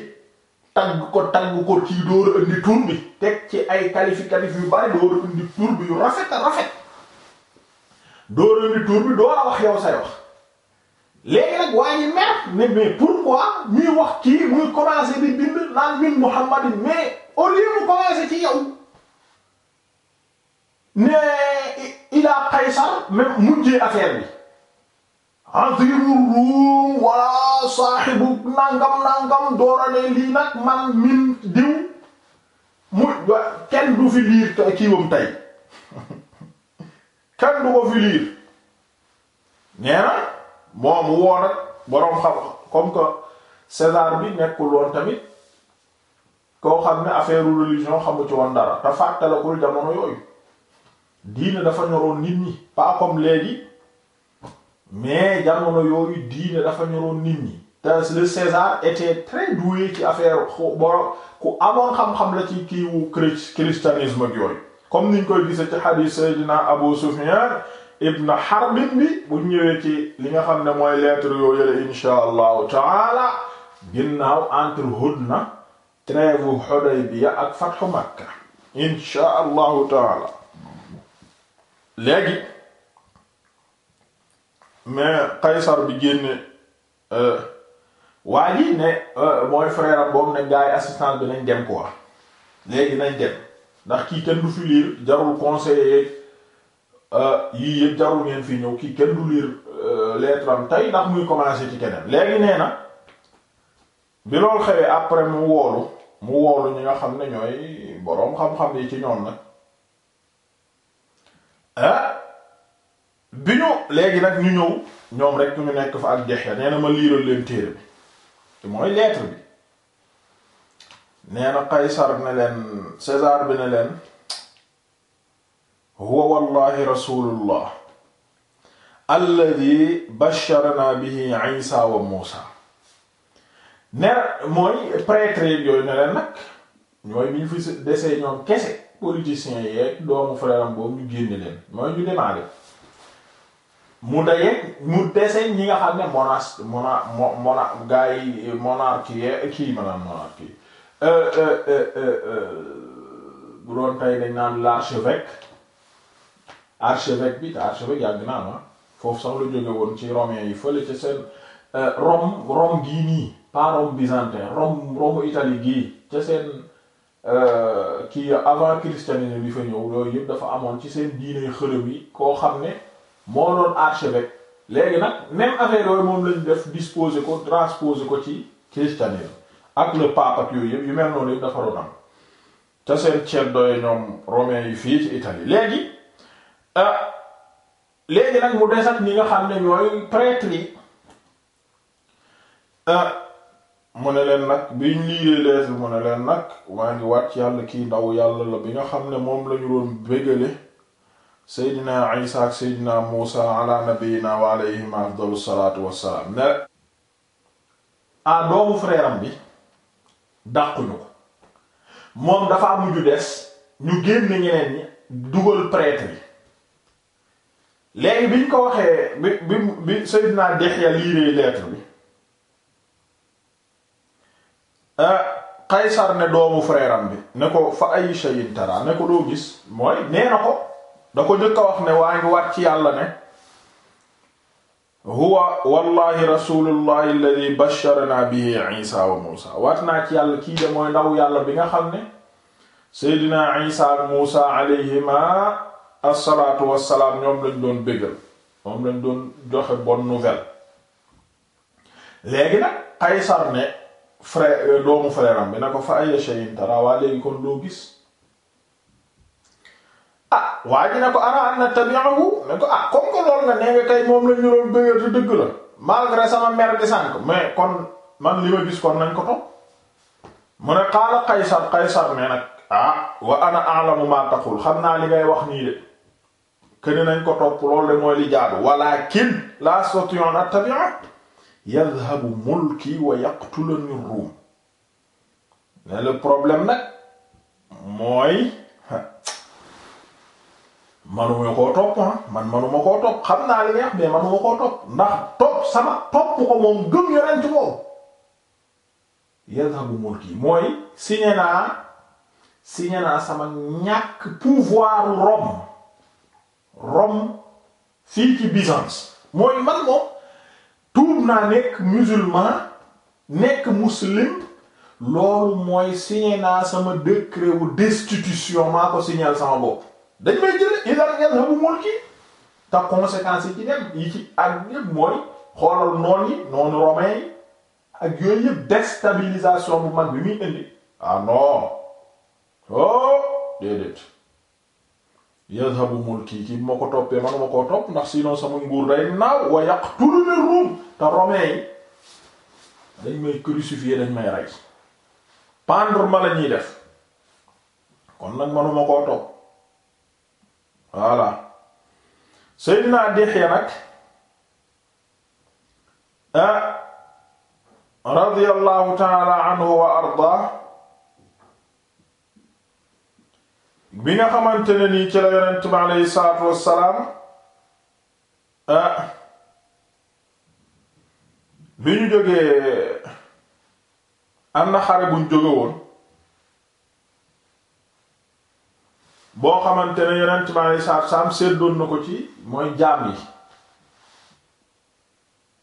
tagg ko tagg ko ci dóor a indi bi teg ci ay qualifi qualif yu bari dóor a indi bi yu rafet rafet dóor a indi bi doo a wax yow say wax léegi nag waa ñi mer ne mais pourquoi ñuy wax kii muy commencer di bind naan min Muhammadin mais au lieu ci yow ne ila Qaysar même mujjee affaire bi azimu ruum wala saaxibu nangam nangam doorane lii nag man min diw mu kenn du fi liir kiiwam tey kenn du ko fi liir nee na moom woon ak boroom xam comme que César bi nekkul woon tamit koo xam ne affaire religion xamu ci woon dara te fàttalikul jamono yooyu diine dafa ñoroon nit ñi pas comme léegi. mais jamono yooyu diine dafa ñoroon nit ñi te le César était très affaire bo ku amoon xam-xam la ci kiiwu christianisme ak yooyu comme niñ koy gise ci hadith Seydina Abu Sufyan ibn Harb bi bu ñëwee ci li nga xam ne mooy lettre yooyu la insha allahu taala ginnaaw entre Hudna trêve Hudaybiya ak fathu Makka insha allahu taala mais Qaysar bi génne euh, waa ji ne euh, mooy frère am boobu ne gars yi bi nañ dem quoi léegi nañ dem ndax kii kenn du fi liir jarul conseiller euh, yii yëpp jarul ngeen fi ñëw kii kenn du liir lettre am tey ndax muy commencer ci keneen léegi nee na bi loolu xewee après mu woolu mu woolu ñu nga xam ne ñooy boroom xam-xam yi ci ñoom nag ah bi ñu léegi nag ñu ñëw ñoom rek ñu nekk fa ak Dihya nee ma liiral leen téere bi mooy lettre bi nee na ne leen César bi ne leen huwa wallahi rasulullah alladhi basharana bihi Isa wa Musa ne mooy prêtre yooyu ne leen nag ñooy bi ñu fi desee ñoom kese politiciens yeeg doomu frère boobu ñu génne leen mooy ñu demaale mu daje mu dese ñi nga xam ne monas mona mo mona gars yi monarchie kii maanaam monarchie euh, euh, euh, bu doon tey dañ naan l'archevêque archevêque bi te archevêque yàgg naa ma ah. foofu sax lu jóge woon ci romain yi fële ca seen Rome Rome gii nii pas Rome byzantin Rome Rome Italie gii ci seen kii avant christianisme bi fa ñëw yëpp dafa amoon ci seen diine xërëm yi koo xam ne moo doon archevêque léegi nag même affaire yooyu moom lañu def disposer ko transposer ko ci christianisme ak le pape ak yooyu yëpp yu mel noonu yëpp dafa am te seen ceddo yi ñoom romain yi fii ci Italie léegi euh, léegi nag mu des ak nga xam ne ñooy prêtre yi euh, mu ne leen nag biñ liiree lees mu ne leen nag maa ngi waat yàlla kii ndaw yàlla la bi nga xam ne moom lañu doon bégale seydina isa muusa ala nabiyina wa afdalu salaatu wassalaam ne a doomu frère bi dàquñu ko moom dafa mujju des ñu génn ñeneen ñi dugal prêtre yi léegi biñ ko waxee bi bi bi seydina liiree lettre bi Qaysar ne doomu frère bi ne ko fa ay shay'in ne ko doo gis mooy nee na ko da ko wax ne waa ngi waat ci yàlla ne huwa wallahi rasulullahi alladhi basharana bihi isa wa musa waat naa ci yàlla kii de mooy ndaw yàlla bi nga xam ne seydina isa ak musa alayhima assalaatu wassalaam ñoom lañ doon bégal moom lañ doon joxe bonne nouvelle léegi nag Qaysar ne frère doomu frère bi na ko fa ay shay'in tara waa léegi kon loo gis waa ji ne ko ara an nattabi'ahu ne ko ah comme que lool nga nee nga tey moom la ñu doon bëgg te dëgg la malgré sama mère di sànq mais kon man li ma gis kon nañ ko topp mu ne qaala Qaysar Qaysar ne nag ah wa ana a'lamu ma taqul xam naa li ngay wax nii de kene nañ ko topp loolu de mooy li jaadu walakin la sotion attabi'a yadhhabu mulki wa yaqtuluni ar-rum mais le problème nag mooy manuma koo topp ah, man manuma koo topp xam naa li neex mais manuma koo topp ndax topp sama topp ko moom gëm yonent boobu yadhabu mulki mooy signé naa signé naa sama ñàkk pouvoir Rome Rome fii ci Byzance mooy man moom tuub naa nekk musulman nekk muslim loolu mooy signé naa sama décret wu destitution maa ko signal sama bopp dañ may jëlee idar yadhabu mulki yi ci ci ak mooy xoolal noon yi noonu romain yi ak yooyu yëpp déstabilisation bu mag bi muy indi ah non oh déedéet yadhabu mulki ki ma ko toppee manuma koo topp ndax sinon sama nguur day naaw wa yaqtuluna ruum te romain yi dañ may crucifier dañ may rey pendre ma la def kon nañ manuma koo topp voilà Seydina Dihya nag ah radiyallahu taala anhu wa arda bi nga xamante ne nii ci la yonent bi aleyhi salaatu wassalaam ah bi ñu jógee am na xare buñ jóge woon boo xamante ne yonent bi alei saatu seddoon na ko ci mooy jaam yi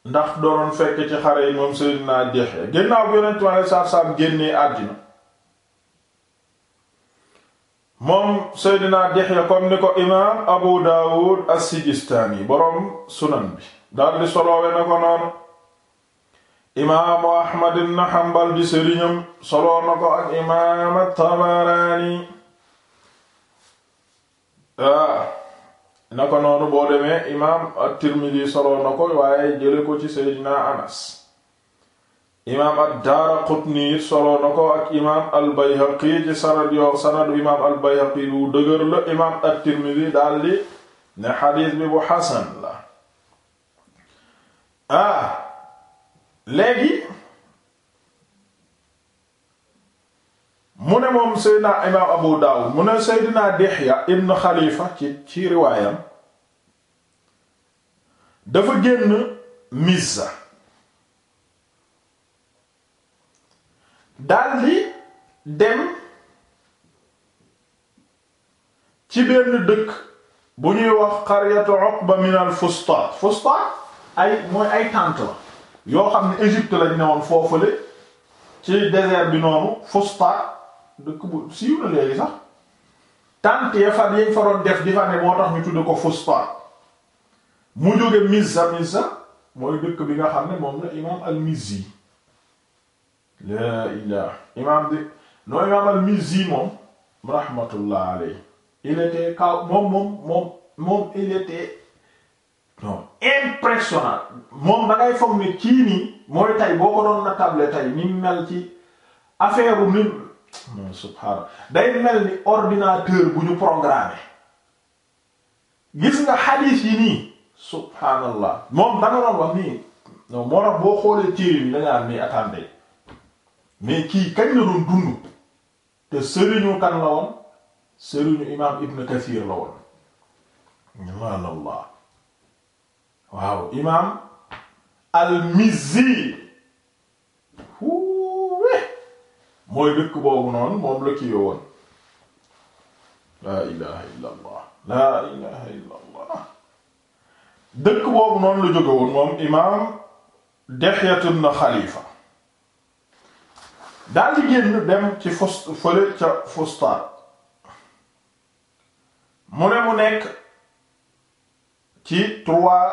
ndax doon fekk ci xare yi moom Seydina Dihya ginnaaw bi yonent bi alei saatu génnee àddina moom Seydina Dihya comme ni ko imaam Abu Dawud as-Sijistaani boroom sunan bi daldi soloowe na ko noonu imaamu Ahmad ibn Hanbal di sëriñam soloo na ko ak imaam at-Tabarani Ah, naka noonu boo demee imaam at-Tirmidhi na ko waaye jële ko ci Seydina Anas imaam ad-Daaraqutni soloo na ko ak imaam al ci sanad yoo sanadu imaam al-Bayhaqi bu dëgër la imaam at-Tirmidhi daldi ne xadiis bi bu xasan la ah léegi mu ne moom Seydina imaam Abu Daawud mu ne Seydina Dihya ibn Khalifa ci ci riwaayam dafa génn Mizza daldi dem ci benn dëkk bu ñuy wax qaryatu Uqba min al Fustaat Fustaat ay mooy ay tente la yoo xam ne Égypte lañ newoon foofule ci désert bi noonu Fustaat dëkk bu siiw na léegi sax tant ya fa yañ fa doon def di fa ne moo tax ñu tudde ko Fustat mu jóge Mizza Mizza mooy dëkk bi nga xam ne moom la imaam al-Mizzi laa ilah imaam di noo imaam al-Mizzi moom rahmatullah alayhi il était kaw moom moom moom moom il était non moom da ngay foog ne kii nii mooy tey boo ko doon na table tey ni mel ci affaire u non day mel ni ordinateur bu ñu programmé gis nga xadiis yi nii subhaanallah moom danga doon wax nii non moo tax boo xoolee téere bi dangaa am ni attendez mais kii kañ la doon dund te sëriñu kan la woon sëriñu imaam Ibn Kathir la woon subhaanallah waaw imaam al-Mizzi mooy dëkk boobu noonu moom la kii woon laa ilaha illa allah laa ilaha dëkk boobu noonu la jóge woon moom imaam Dihya ibn daal di génn dem ci fos fële ca Fustat mu ne mu nekk ci trois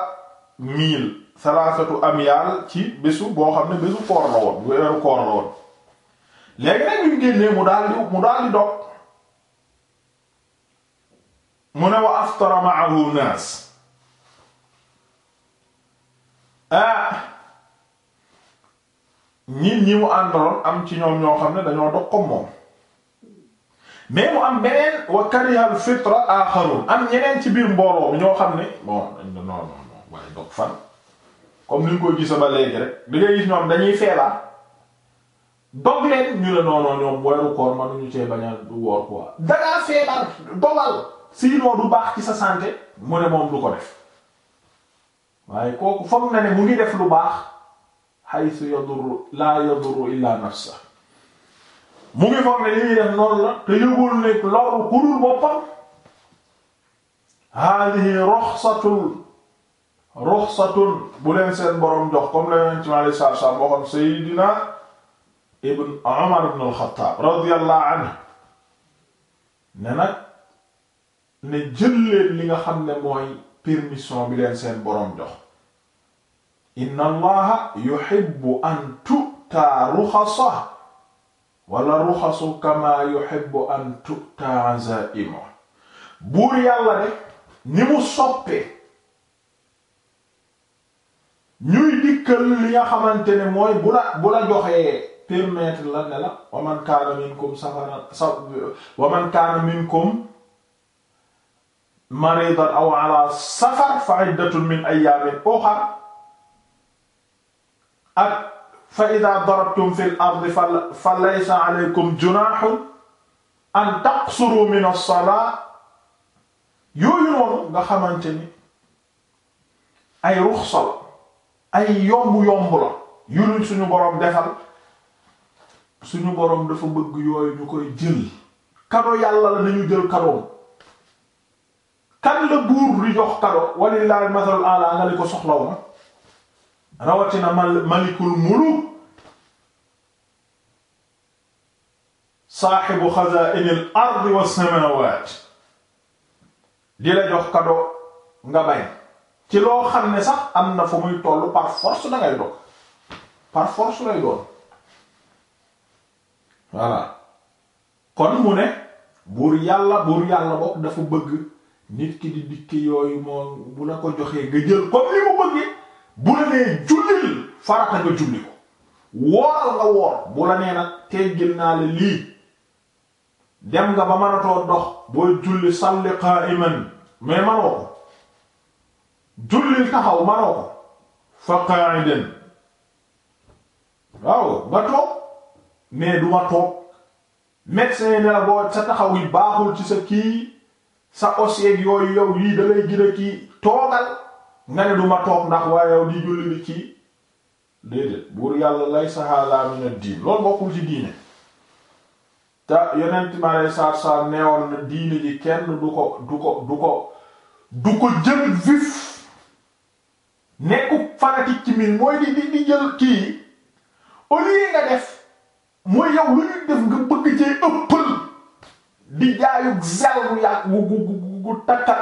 mille salaasatu amyaal ci bésu boo xam ne bésu koor la woon weeru koor la woon léegi nag ñu génnee mu daal di mu daal di dog mu ne wa aftara ma'ahu naas ah ñi ñi mu àndaloon am ci ñoom ñoo xam ne dañoo dog comme moom mais mu am beneen wa karihal fitra axarun am ñeneen ci biir mbooloo mi ñoo xam ne bon non non non waaye dog fan comme ni ñu koy gisa ba léegi rek da ngay gis ñoom dañuy feelaa dog leen ñu ne non non ñoom weeru koor mënuñu cee bañ a du woor quoi. dangaa feebar dogal. sinon du baax ci sa santé. mu ne moom du def waaye kooku foog na ne mu ngi def lu baax. haythu yadurru laa yadurru illaa nafsa mu ngi foog ne li ñuy def noonu la. te yëgul ne loolu ku dul boppam. haadihi ruxsatun ruxsatun bu seen borom jox comme la Yonent mi alayhi salaatu wa Seydina. ibn Umar ibn al-Khattab radiyallahu anhu ne nag ne jël leen li nga xam ne mooy permission bi leen seen boroom jox inna allaha yuhibbu an tu'ta ruxasa wala ruxasu kama yuhibbu an tu'ta azaimu buur yàlla de ni mu soppee ñuy dikkal li nga xamante ne mooy bu la bu la joxee permettre la ne la wa man kaana minkum safara sa wa man kaana minkum maridan aw ala safar fa iddatun min ayyamin ukhra ak fa idha darabtum fil ardi fa laysa alaykum junahun an taqsuru min as-salat yooyu noonu nga xamante ni ay ruxsa la ay yomb yomb la yu ñu suñu boroom defal suñu boroom dafa bëgg yooyu ñu koy jël kado yàlla la nañu jël kadoom kan la buur di jox kado walillahi masalul ala nga li ko soxlaw na rawatina malikul muluk saaxibu xazaa'inil ardi was samaawaat di la jox kado nga bay ci loo xam ne sax am na fu muy tollu par force dangay dog par force lay doon voilà kon mu ne buur yàlla buur yàlla bokk dafa bëgg nit ki di dikki yooyu moom bu la ko joxee nga jël comme li mu bëggee bu la nee jullil farata nga julli ko wooral nga woor bu la nee nag teggil naa la lii dem nga ba mënatoo dox booy julli salli qa'iman mais manoo ko jullil taxaw manoo ko fa qa'idan waaw ba toog mais du ma toog médecin yi ne la sa taxaw yi baaxul ci sa kii sa os yooyu yow lii da lay gën a kii toogal nga ne du ma toog ndax waaye yow di julli ni kii déedéet buur yàlla lay saxaala min diin loolu bokkul ci diine te yonent ma lay saar saar neewoon na diine ji kenn du ko du ko du ko du ko jël vif nekku fanatique ci mbir mooy di di di jël kii au lieu nga def. mooy yow lu ñuy def nga bëgg cee ëppal di jaayug zel bu yàgg gu gu gu gu takka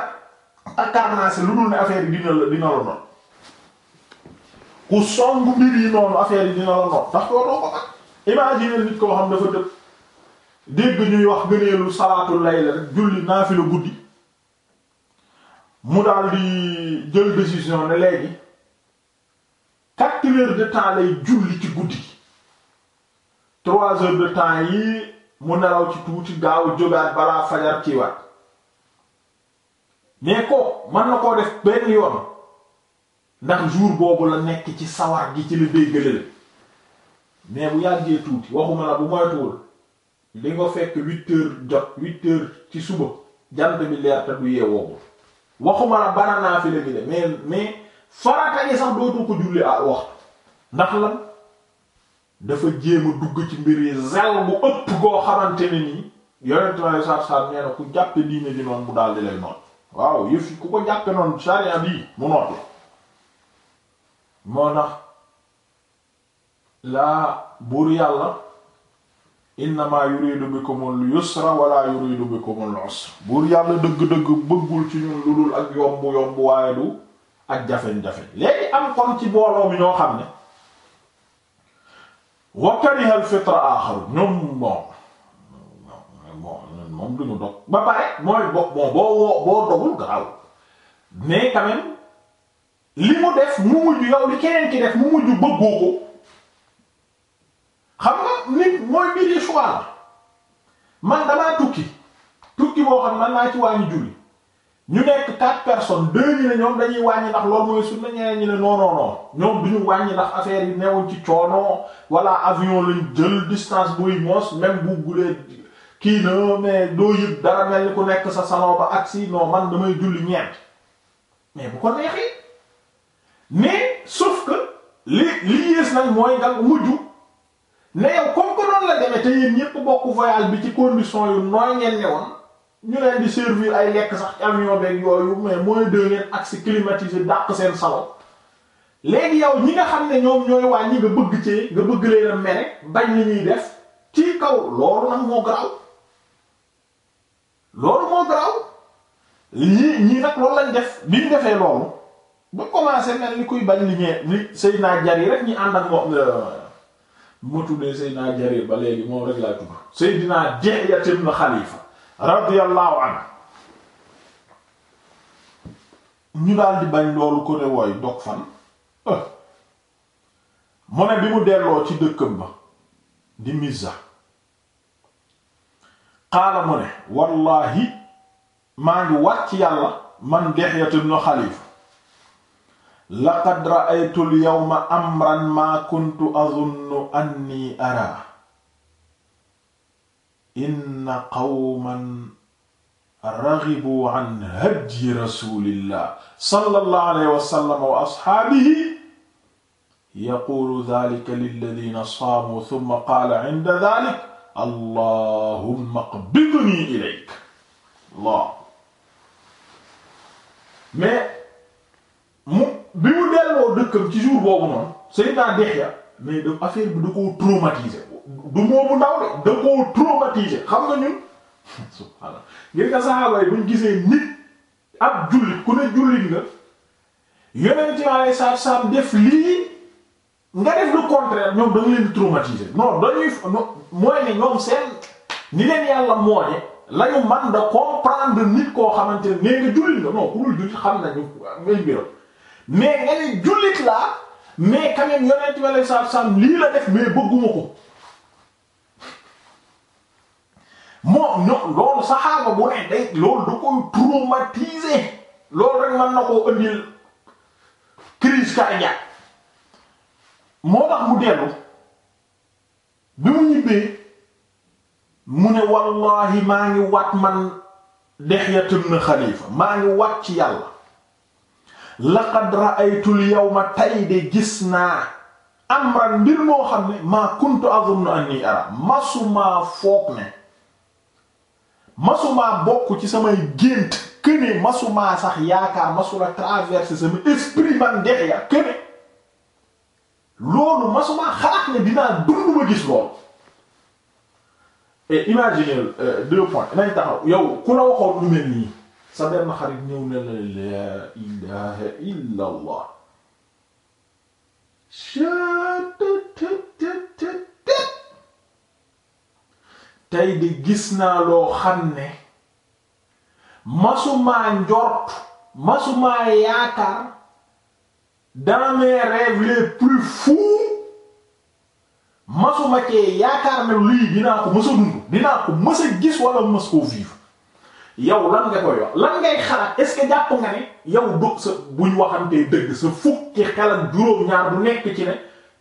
akarnaase lu dul ne affaire yi dina la dina la noonu ku song mbir yi noonu affaire yi dina la noonu ndax doo doo ko man imagine nit koo xam dafa dëpp dégg ñuy wax gëneelu salaatul layla rek julli naafila guddi mu daal di jël décision ne léegi quatre de temps julli ci guddi trois heures de temps yii mu neraw ci tuuti gaaw jógaat balaa fajar kiiwaat mais ko mën na koo def benn yoon ndax jour boobu la nekk ci sawar gi ci la déggale mais bu yàggee tuuti waxuma la bu moytuwul li nga fekk huit heures jot huit heures ci suba jant bi leer te du yeewoo waxuma la bana naa fi la mais mais farata yi sax dootu ko julli à waxtu ndax lan. dafa jéem a dugg ci mbir yi zel bu ëpp goo xamante ni nii yonent ma ne saab nee na ku jàppe diine di noonu mu daal di lay noot waaw yëf ku ko jàppe noonu sharia bii mu noot la moo laa buur yàlla innama yuridu bikumul yusra wala yuridu bikumul usra buur yàlla dëgg-dëgg bëggul ci ñun lu dul ak yomb yomb waaye du ak jafeñ jafeñ léegi am kon ci booloo bi ñoo xam ne wa kariha al fitra axar ñoom bon bon moom dog ba pare mooy bo bon boo woo boo dogul garaw mais quand même li mu def mu mujj yow li keneen ki def mu mujj bëggoo ko xam nga nit mooy mbir yi choix man damaa tukki tukki boo xam man naa ci wàññi julli ñu nekk quatre personne deux ñi ne ñoom dañuy wàññi ndax loolu mooy sunna ñeneen ñi ne non non non ñoom duñu wàññi ndax affaire yi newuñ ci coono wala avion lañ jël distance buy mos même bu guddee kii na mais doo yëg dara mel ni ku nekk sa salon ba agsi non man damay julli ñeent mais bu ko yi mais sauf que li li yées nag mooy nga mujj ne yow comme que noonu la demee te yéen ñépp bokk voyage bi ci condition yu nooy ngeen newoon. ñu leen di servir ay lekk sax ci avion beeg yooyu mais mooy de ngeen accès climatisé dàq seen salon léegi yow ñi nga xam ne ñoom ñooy wàññi nga bëgg cee nga bëgg leen a mere bañ li ñuy def ci kaw loolu nag moo garaaw loolu moo garaaw lii ñii nag loolu lañ def bi ñu defee loolu ba commencé mel ni kuy bañ li ñee li Seydina Jarir rek ñi ànd ak moom euh, bu ma tuddee Seydina Jarir ba léegi moom rek laa tudd Seydina Diyah ibn Khalifa radiyallahu anhu ñu daal di bañ loolu ko ne dog fan eh. mu ne bi mu delloo ci dëkkam ba di Mizza qaala mu ne wallaahi maa ngi wat ci yàlla man Dihyatu ibn Khalifa laqad ra'aytu al amran maa kuntu azunnu anni araa inna qawman ragibu an hadyi rasulillah sallallahu alayhi wa sallam wa ashaabihi yaqulu dhalika lilladhina saamu thumma qaala 'inda dhalika allahumma qbidni ilayk Allah mais mu bi mu delloo dëkkam ci jour boobu noonu Seydina Dihya mais de affaire bi da koo traumatisé du bu ndaw de da koo traumatisé xam nga ñun subhaanallah ngir nga saxaaba yi buñ gisee nit ab jullit ku ne jullit nga yeneen ci waaye saab saab def lii nga def le contraire ñoom da nga leen traumatisé non dañuy mooy ne ñoom seen ni leen yàlla mooñe lañu man da comprendre nit koo xamante ne ne nga jullit nga non ku dul jullit xam nañu ngay mbiram mais nga ne jullit laa mais quand même yonent bi alayhi salaatu salaam lii la def mais bëgguma ko moom ñoom loolu saxaaba bu ne day loolu da koy traumatiser loolu rek mën na koo andil crise cardiaque moo tax mu dellu bi mu ñibbee mu ne wallahi maa ngi wat man Dihya ibn Khalifa maa ngi wat ci yàlla laqad ra'aytul yawma tay de gis naa amran mbir moo xam ne maa kuntu azunnu anni ara masuma foog ne masumaa bokk ci samay gént këne masumaa sax yaakaar masula traverser sama esprit man ya këne loolu masumaa xalaat ne dinaa dund ma gis loolu et imaginez euh, nañ taxaw yow ku la waxoon lu nii sa benn xarit ñëw ne la laa ilaha illa allah tey di gis naa loo xam ne masumaa njort masumaa yaakaar dans mes rêves les plus masuma cee yaakaar na lii dinaa ko mës a dinaa ko mës gis wala mës vivre yow lan nga koy wax lan ngay xalaat est jàpp nga ne yow do sa buñ waxantee dëgg sa fukki xelam juróom-ñaar bu nekk ci ne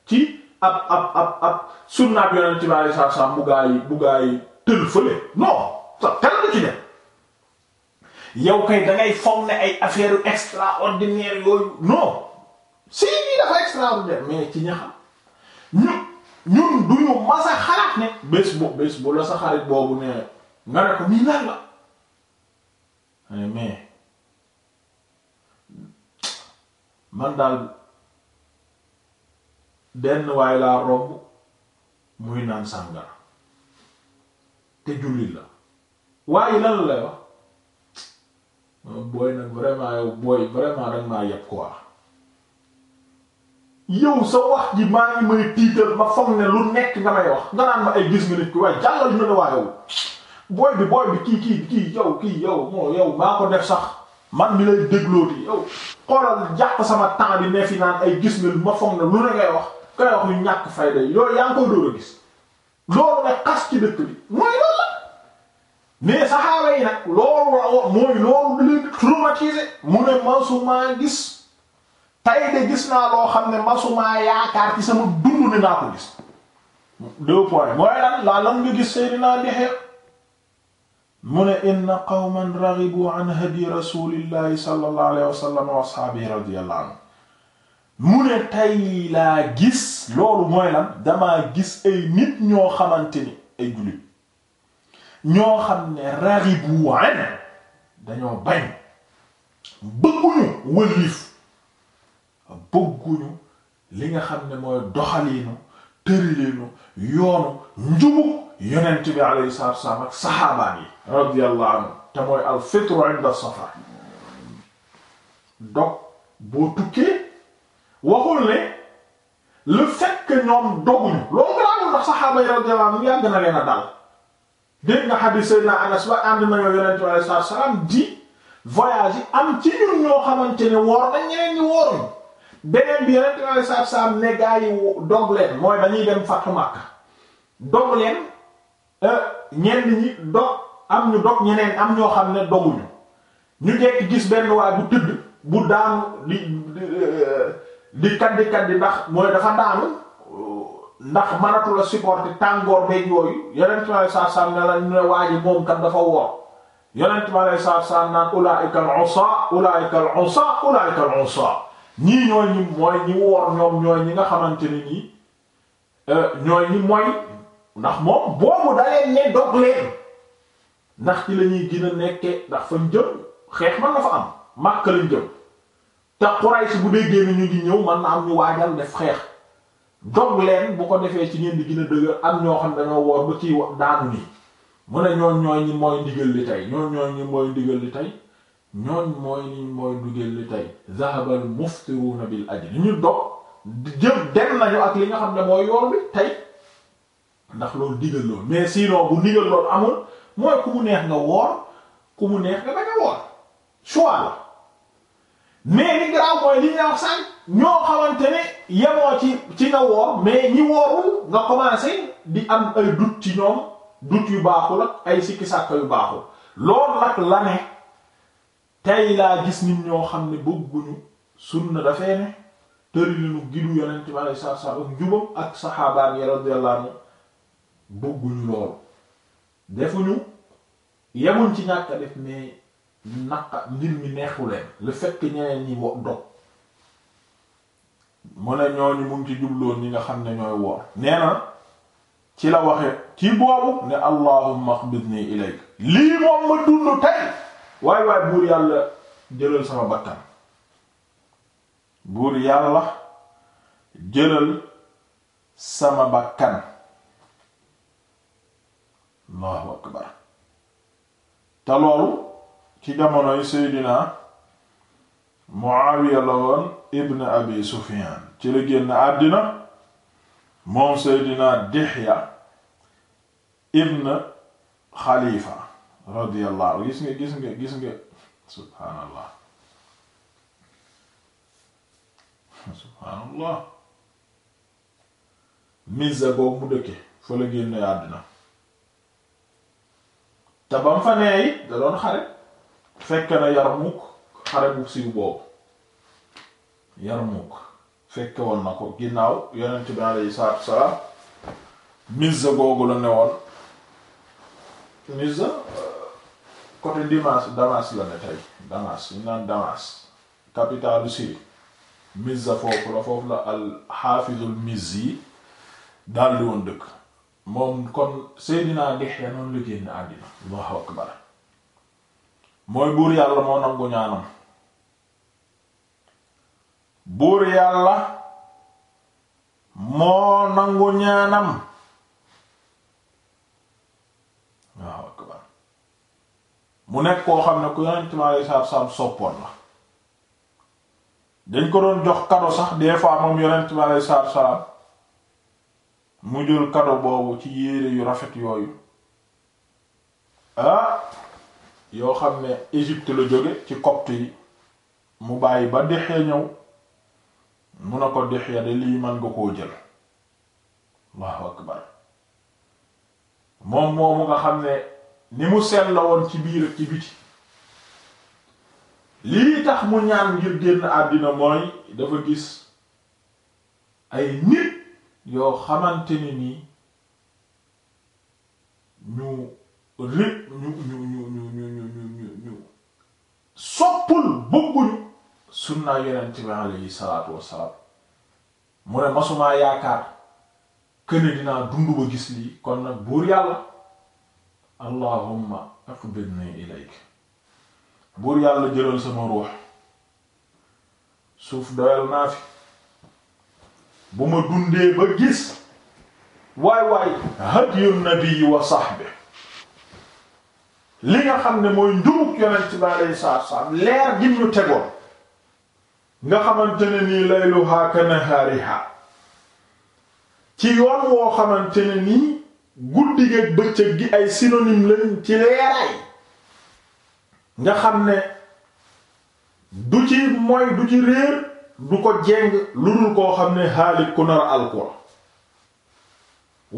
ci ab ab ab ab sunnaab yonent bi alayhi salaatu salaam bu gaa yi bu gaa yi tël fële non sa tëll ci ne kay da ngay foog ay affaire extraordinaire yooyu non si yi dafa extraordinaire mais ci ña xam ñun du ñu mas a xalaat ne bés bu la sa xarit boobu ne nga ne ko mii lan la mais man daal. benn waay laa romb muy naan sàngara te jullit la waaye lan la wax booy nag vraiment yow booy vraiment dañ maa yeb quoi yow sa wax ji maa ngi may tiital ma foog ne lu nekk nga may wax nga naan ma ay gis nga nit ki waaye jàllal ñu ne waaye booy bi booy bi kii kii kii yow kii yow moo yow maa ko def sax man mi lay déglooti yow xoolal jàpp sama temps bi ne fi naan ay gis nga ma foog ne lu ne ngay wax koy wax yu ñàkk fayda yooyu yaa ngi koy dóor a gis loolu nag xas ci dëkk bi mooy loolu la mais saxaaba yi nag loolu la wax mooy loolu di leen traumatisé mu ne masumaa gis tay de gis naa loo xam ne masumaa yaakaar ci sama dund ni naa ko gis deux points mooy lan laa lan nga gis Seydina Dihya mu ne inna qawman raghibu an hadi rasulillahi sallallahu alayhi wa sallam wa ashabihi radiyallahu anhu mu ne tey laa gis loolu mooy lan damaa gis ay nit ñoo xamante ni ay jullit ñoo xam ne raribu an dañoo bañ bëgguñu wëlliif bëgguñu li nga xam ne mooy doxaliinu tëriliinu yoonu njubu yonent bi alayhi salaatu wassalaam ak saxaabaan yi radiyallahu te mooy al fitru inda safar dog boo tukkee waxul ne le fait ñoom doguñu loolu garaawul na saxaaba yi radiyallahu anhum yàgg na leen a dal dégg nga xadiis ba ànd nañoo Yonent bi sallallahu alayhi di voyage yi am ci ñun ñoo xamante ne woor nañ ñeneen ñi wooruñu beneen bi Yonent bi ne gaa yi dog leen mooy dañuy dem fàttu Makka dog leen euh, ñi dog am ñu dog ñeneen am ñoo xam ne doguñu ñu jekk gis benn waay bu tëdd bu daanu di euh, di kaddi kaddi ndax mooy dafa daanu ndax mënatu la supporter tàngoor beeg yooyu yonent bi alayhi la ñu ne waa ji dafa woor yonent bi alayhi salaatu salaam naan ulaa'ika al ñi mooy ñi woor ñoom nga xamante ni nii euh, ñooy ñi mooy ndax moom boobu da leen ne dog leen ndax ci la ñuy gën nekke ndax fañ jëm xeex man na fa am Makka lañ jëm. te Quraysh bu déggee ni ñu ngi ñëw man na am ñu waajal def xeex dog leen bu ko defee ci ngeen di gën a dëgër am ñoo xam ne dañoo woor ba kii daanu nii mu ne ñooñ ñooy ñi mooy ndigal li tey ñooñ mooy ndigal li tey ñooñ mooy ñi mooy ndigal li tey zahabal muftiruna bil ajr ñu dog jëm dem nañu li nga xam ne mooy yoon bi ndax loolu digal loolu mais sinon bu digal loolu amul mooy ku mu neex nga woor ku mu neex nga danga woor choix la mais li garaaw mooy li ñu wax sànq ñoo xamante ne yemoo ci ci nga woor mais ñi woorul nga commencé di am ay doute ci ñoom doute yu baaxul ak ay sikki sàkka yu baaxul loolu nag la ne tey laa gis nit ñoo xam ne bëgguñu sunna dafee ne tërilinu gidu yonent bi alei satu salam ak njubam ak saxaabaan yi radiyallahu anhu bëgguñu loolu defuñu yemuñ ci ñàkk def mais naqa mbir mi neexu leen le fait que ñeneen ñi wo dog mu ne ñooñu mu ngi ci jubloon ñi nga xam ne ñooy woor nee na ci la waxe ci boobu ne allahumma axbidni ilayk lii moom ma dund tey waay waay buur yàlla jëlal sama bakkan buur yàlla jëlal sama bakkan allahu akbar te loolu ci jamonoy seydina Muawiya la woon ibn abi Sufyan ci la génn àddina moom seydina Dihya ibn Khalifa radiyallahu gis nga gis nga subhaanallah subhaanallah misa boobu mu dëkke fa la génn àddina te bam fa neey da doon xare fekk na Yarmuk xare bu siiw boobu Yarmuk fekke woon na ko ginnaaw yonent bi alayhi salaatu salaam Mizza googu la ne woon Mizza euh, côté Dimas Damas la ne tey Damas ñu naan Damas capitale Syrie Mizza foofu la foofu la al Hafizul Mizzi daldi woon dëkk moom kon Seydina Dihya noonu la génn àddina Allahu akbar mooy buur yàlla moo nangu ñaanam buur yàlla moo nangu ñaanam waaw akbar mu nekk koo xam ne ku yonent mi alayhi salaatu salaam soppoon la dañ ko doon jox kado sax des fois moom yonent mi alayhi salaatu salaam mu jur kado boobu ci yére yu rafet yooyu ah! yoo xam ne Égypte la jóge ci copte yi mu bàyyi ba Dihya ñëw mu na ko Dihya de lii man nga koo jël Allahu akbar moom moomu nga xam ne ni mu sell la woon ci biir ak ci biti lii tax mu ñaan ngir génn àddina mooy dafa gis ay nit yoo xamante ni nii ñu ré ñu ñu ñu ñu ñu ñu ñu soppul bëgguñu sunnaa yonent bi alayhi salaatu wassalaam mu ne masumaa yaakaar këne dinaa dund ba gis lii kon nag buur yàlla allahumma aqbidni ilayk buur yàlla jëlal sama ruux suuf doyal naa bu ma dundee ba gis waay waay hadyu nabi wa li nga xam ne mooy njurug yonent bi alayhi salaatu salaam leer gi ñu tegoon nga xamante ne nii layluha ka nahaariha ci yoon woo xamante ne nii guddi gi bëccëg gi ay synonyme lañ ci leeraay nga xam ne du ci mooy du ci réer du ko jeng lu dul koo xam ne xaalik ku nar alkura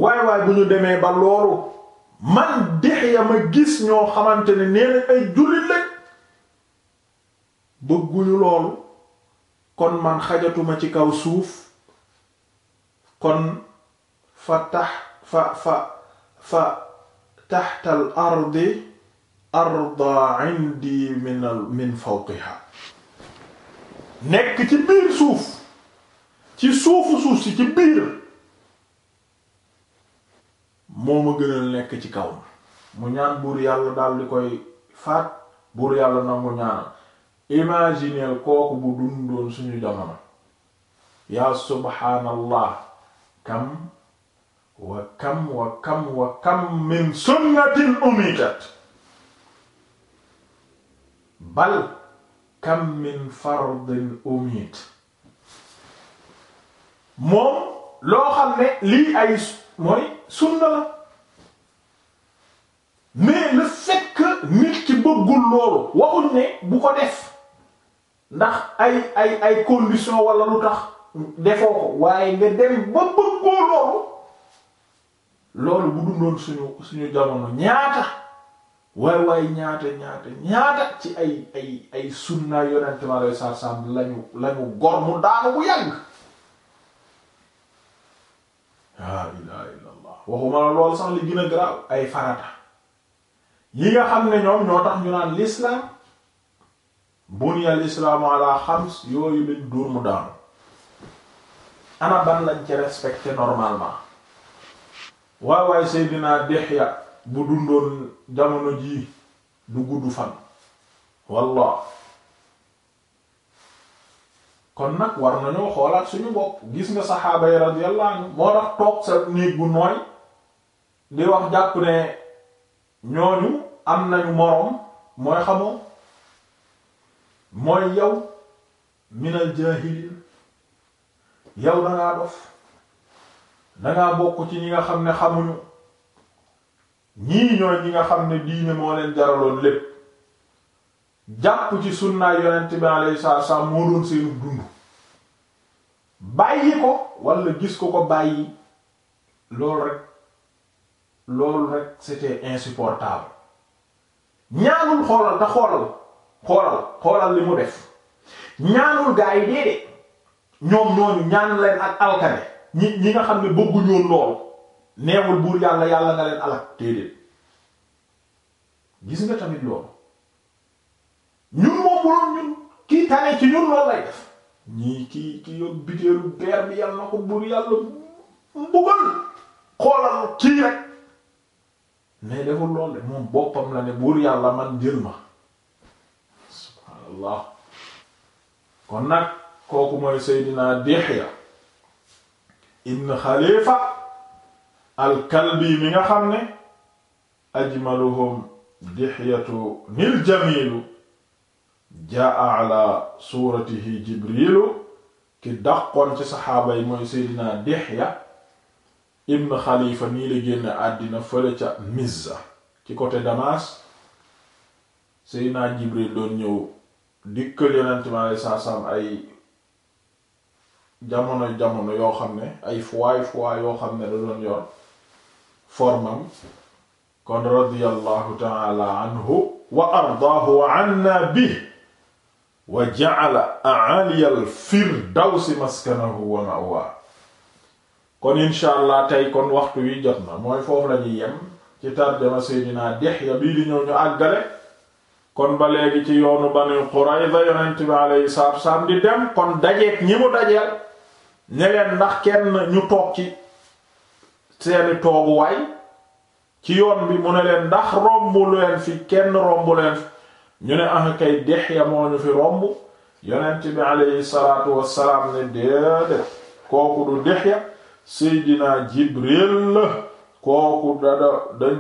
waay waay bu ñu demee ba loolu man Dihya ma gis ñoo xamante ne nee ay jullit lañ bëgguñu loolu kon man xajatuma ci kaw suuf kon fa tax fa fa fa taxta al ardi arda indi min fawqiha nekk ci biir suuf ci suufu suuf si ci biir moo ma gënal nekk ci kaw mu ñaan buur yàlla dal di koy faat buur yàlla nangu ñaanam imagineel kooku bu dundoon suñu jamono yaa subhaanallah kam wa kam wa kam wa kam min sunnatin umitat bal kam min fardin umit moom loo xam ne lii ay mooy sunna la mais le fait nit ki bëggul loolu waxuñ ne bu ko def ndax ay ay ay condition wala lu tax defoo ko waaye nga dem ba bëggoo loolu loolu bu dundoon suñu suñu jamono ñaata waaye waaye ñaata ñaata ñaata ci ay ay ay sunna yonente ma lay lañu gor mu daanu bu yàgg laa ilaha illa allah waxuma la loolu sax li gën a ay farata yi nga xam ne ñoom ñoo tax ñu naan l'islam bunyal islaamu ala xams yooyu lañ dóor mu daanu ana lañ ci respecté normalement waay waay Seydina Dihya bu dundoon jamono jii du gudd fan wallah kon nag war nañoo xoolaat suñu bopp gis nga saxaaba yi radiyallahu anhu moo tax toog sa néeg bu nooy di wax jàpp ne ñooñu am nañu moroom mooy xamoo mooy yow minal jaahiliin yow dangaa dof dangaa bokk ci ñi nga xam ne xamuñu ñii ñooy ñi nga xam ne diine moo leen jaraloon lépp jàpp ci sunnaay yonent bi alayhi salaam moo doon seenu dund bàyyi ko walla gis ko ko bàyyi loolu rek loolu rek c'était insupportable ñaanul xoolal te xoolal xoolal xoolal li mu def ñaanul gaa yi dee ñoom ñooñu ñaan leen ak alkane ñi ñi nga xam ne bëgguñoon lool neewul buur yàlla yàlla nga leen alak déedéet gis nga tamit loolu ñun moom buloon ñun kii tane ci ñun loolu lay def ñii kii kii yoon bitéeru beer bi yàlla ko buur yàlla mbugal xoolal kii rek mais deful lool de moom boppam la ne buur yàlla man jël ma subhaanallah kon nag kooku mooy seydinaa Dihya ibn Xalifa al-Kalbi mi nga xam ne ajmaluhum Dihyatu nil jamiilu jaa ala suuratihi Jibriilu ki daqoon ci saxaaba yi mooy Dihya ibn xalifa nii la génn àddina fële ca Mizza ci côté Damas Seydina Jibril doon ñëw dikkal yonent mi alayhi salaam ay jamono jamono yoo xam ne ay fois fois yoo xam ne da doon yor formam kon radiyallahu ta'ala anhu wa ardaahu wa anna bihi wa ja'ala a'ali al-firdawsi maskanahu wa ma'waahu kon incha allah tey kon waxtu wi jot na mooy foofu la ñuy yem ci tarjama Seydina Dihya bii di ñëw ñu àggale kon ba léegi ci yoonu Banu Qurayza yonent bi alayhi salaatu salaam di dem kon dajeek ñi mu dajeel ne leen ndax kenn ñu toog ci seeni tooguwaay ci yoon bi mu ne leen ndax romb leen fi kenn romb leen ñu ne ah kay Dihya moo ñu fi romb yonent bi alayhi salaatu wassalaam ne déedéet kooku du Dihya seydina jibril kooku dada dañ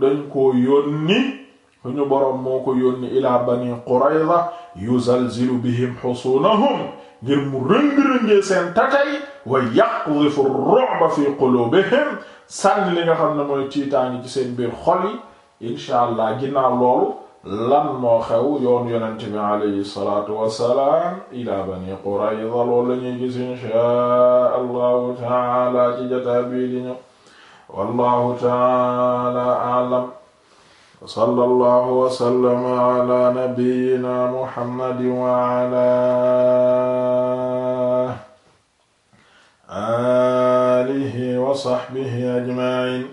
dañ ko yónni suñu boroom moo ko yónni ilaa bani qurayza yuzalzilu bihim xusuunahum ngir mu rëng-rëngee seen tatay wa yaqdhifu ar fi qulubihim sànni li nga xam ne mooy tiitaangi ci seen biir xol allah ginnaaw loolu lan moo xew yoon yonent bi alayhi salaatu wassalaam ila bani qurayza lool lañuy gis inshaa allahu taala ci jataa bii di ñëw wallahu taala a'lam wa sallallahu wa sallama ala nabiyyina muhammadin wa ala alihi wa sahbihi ajma'in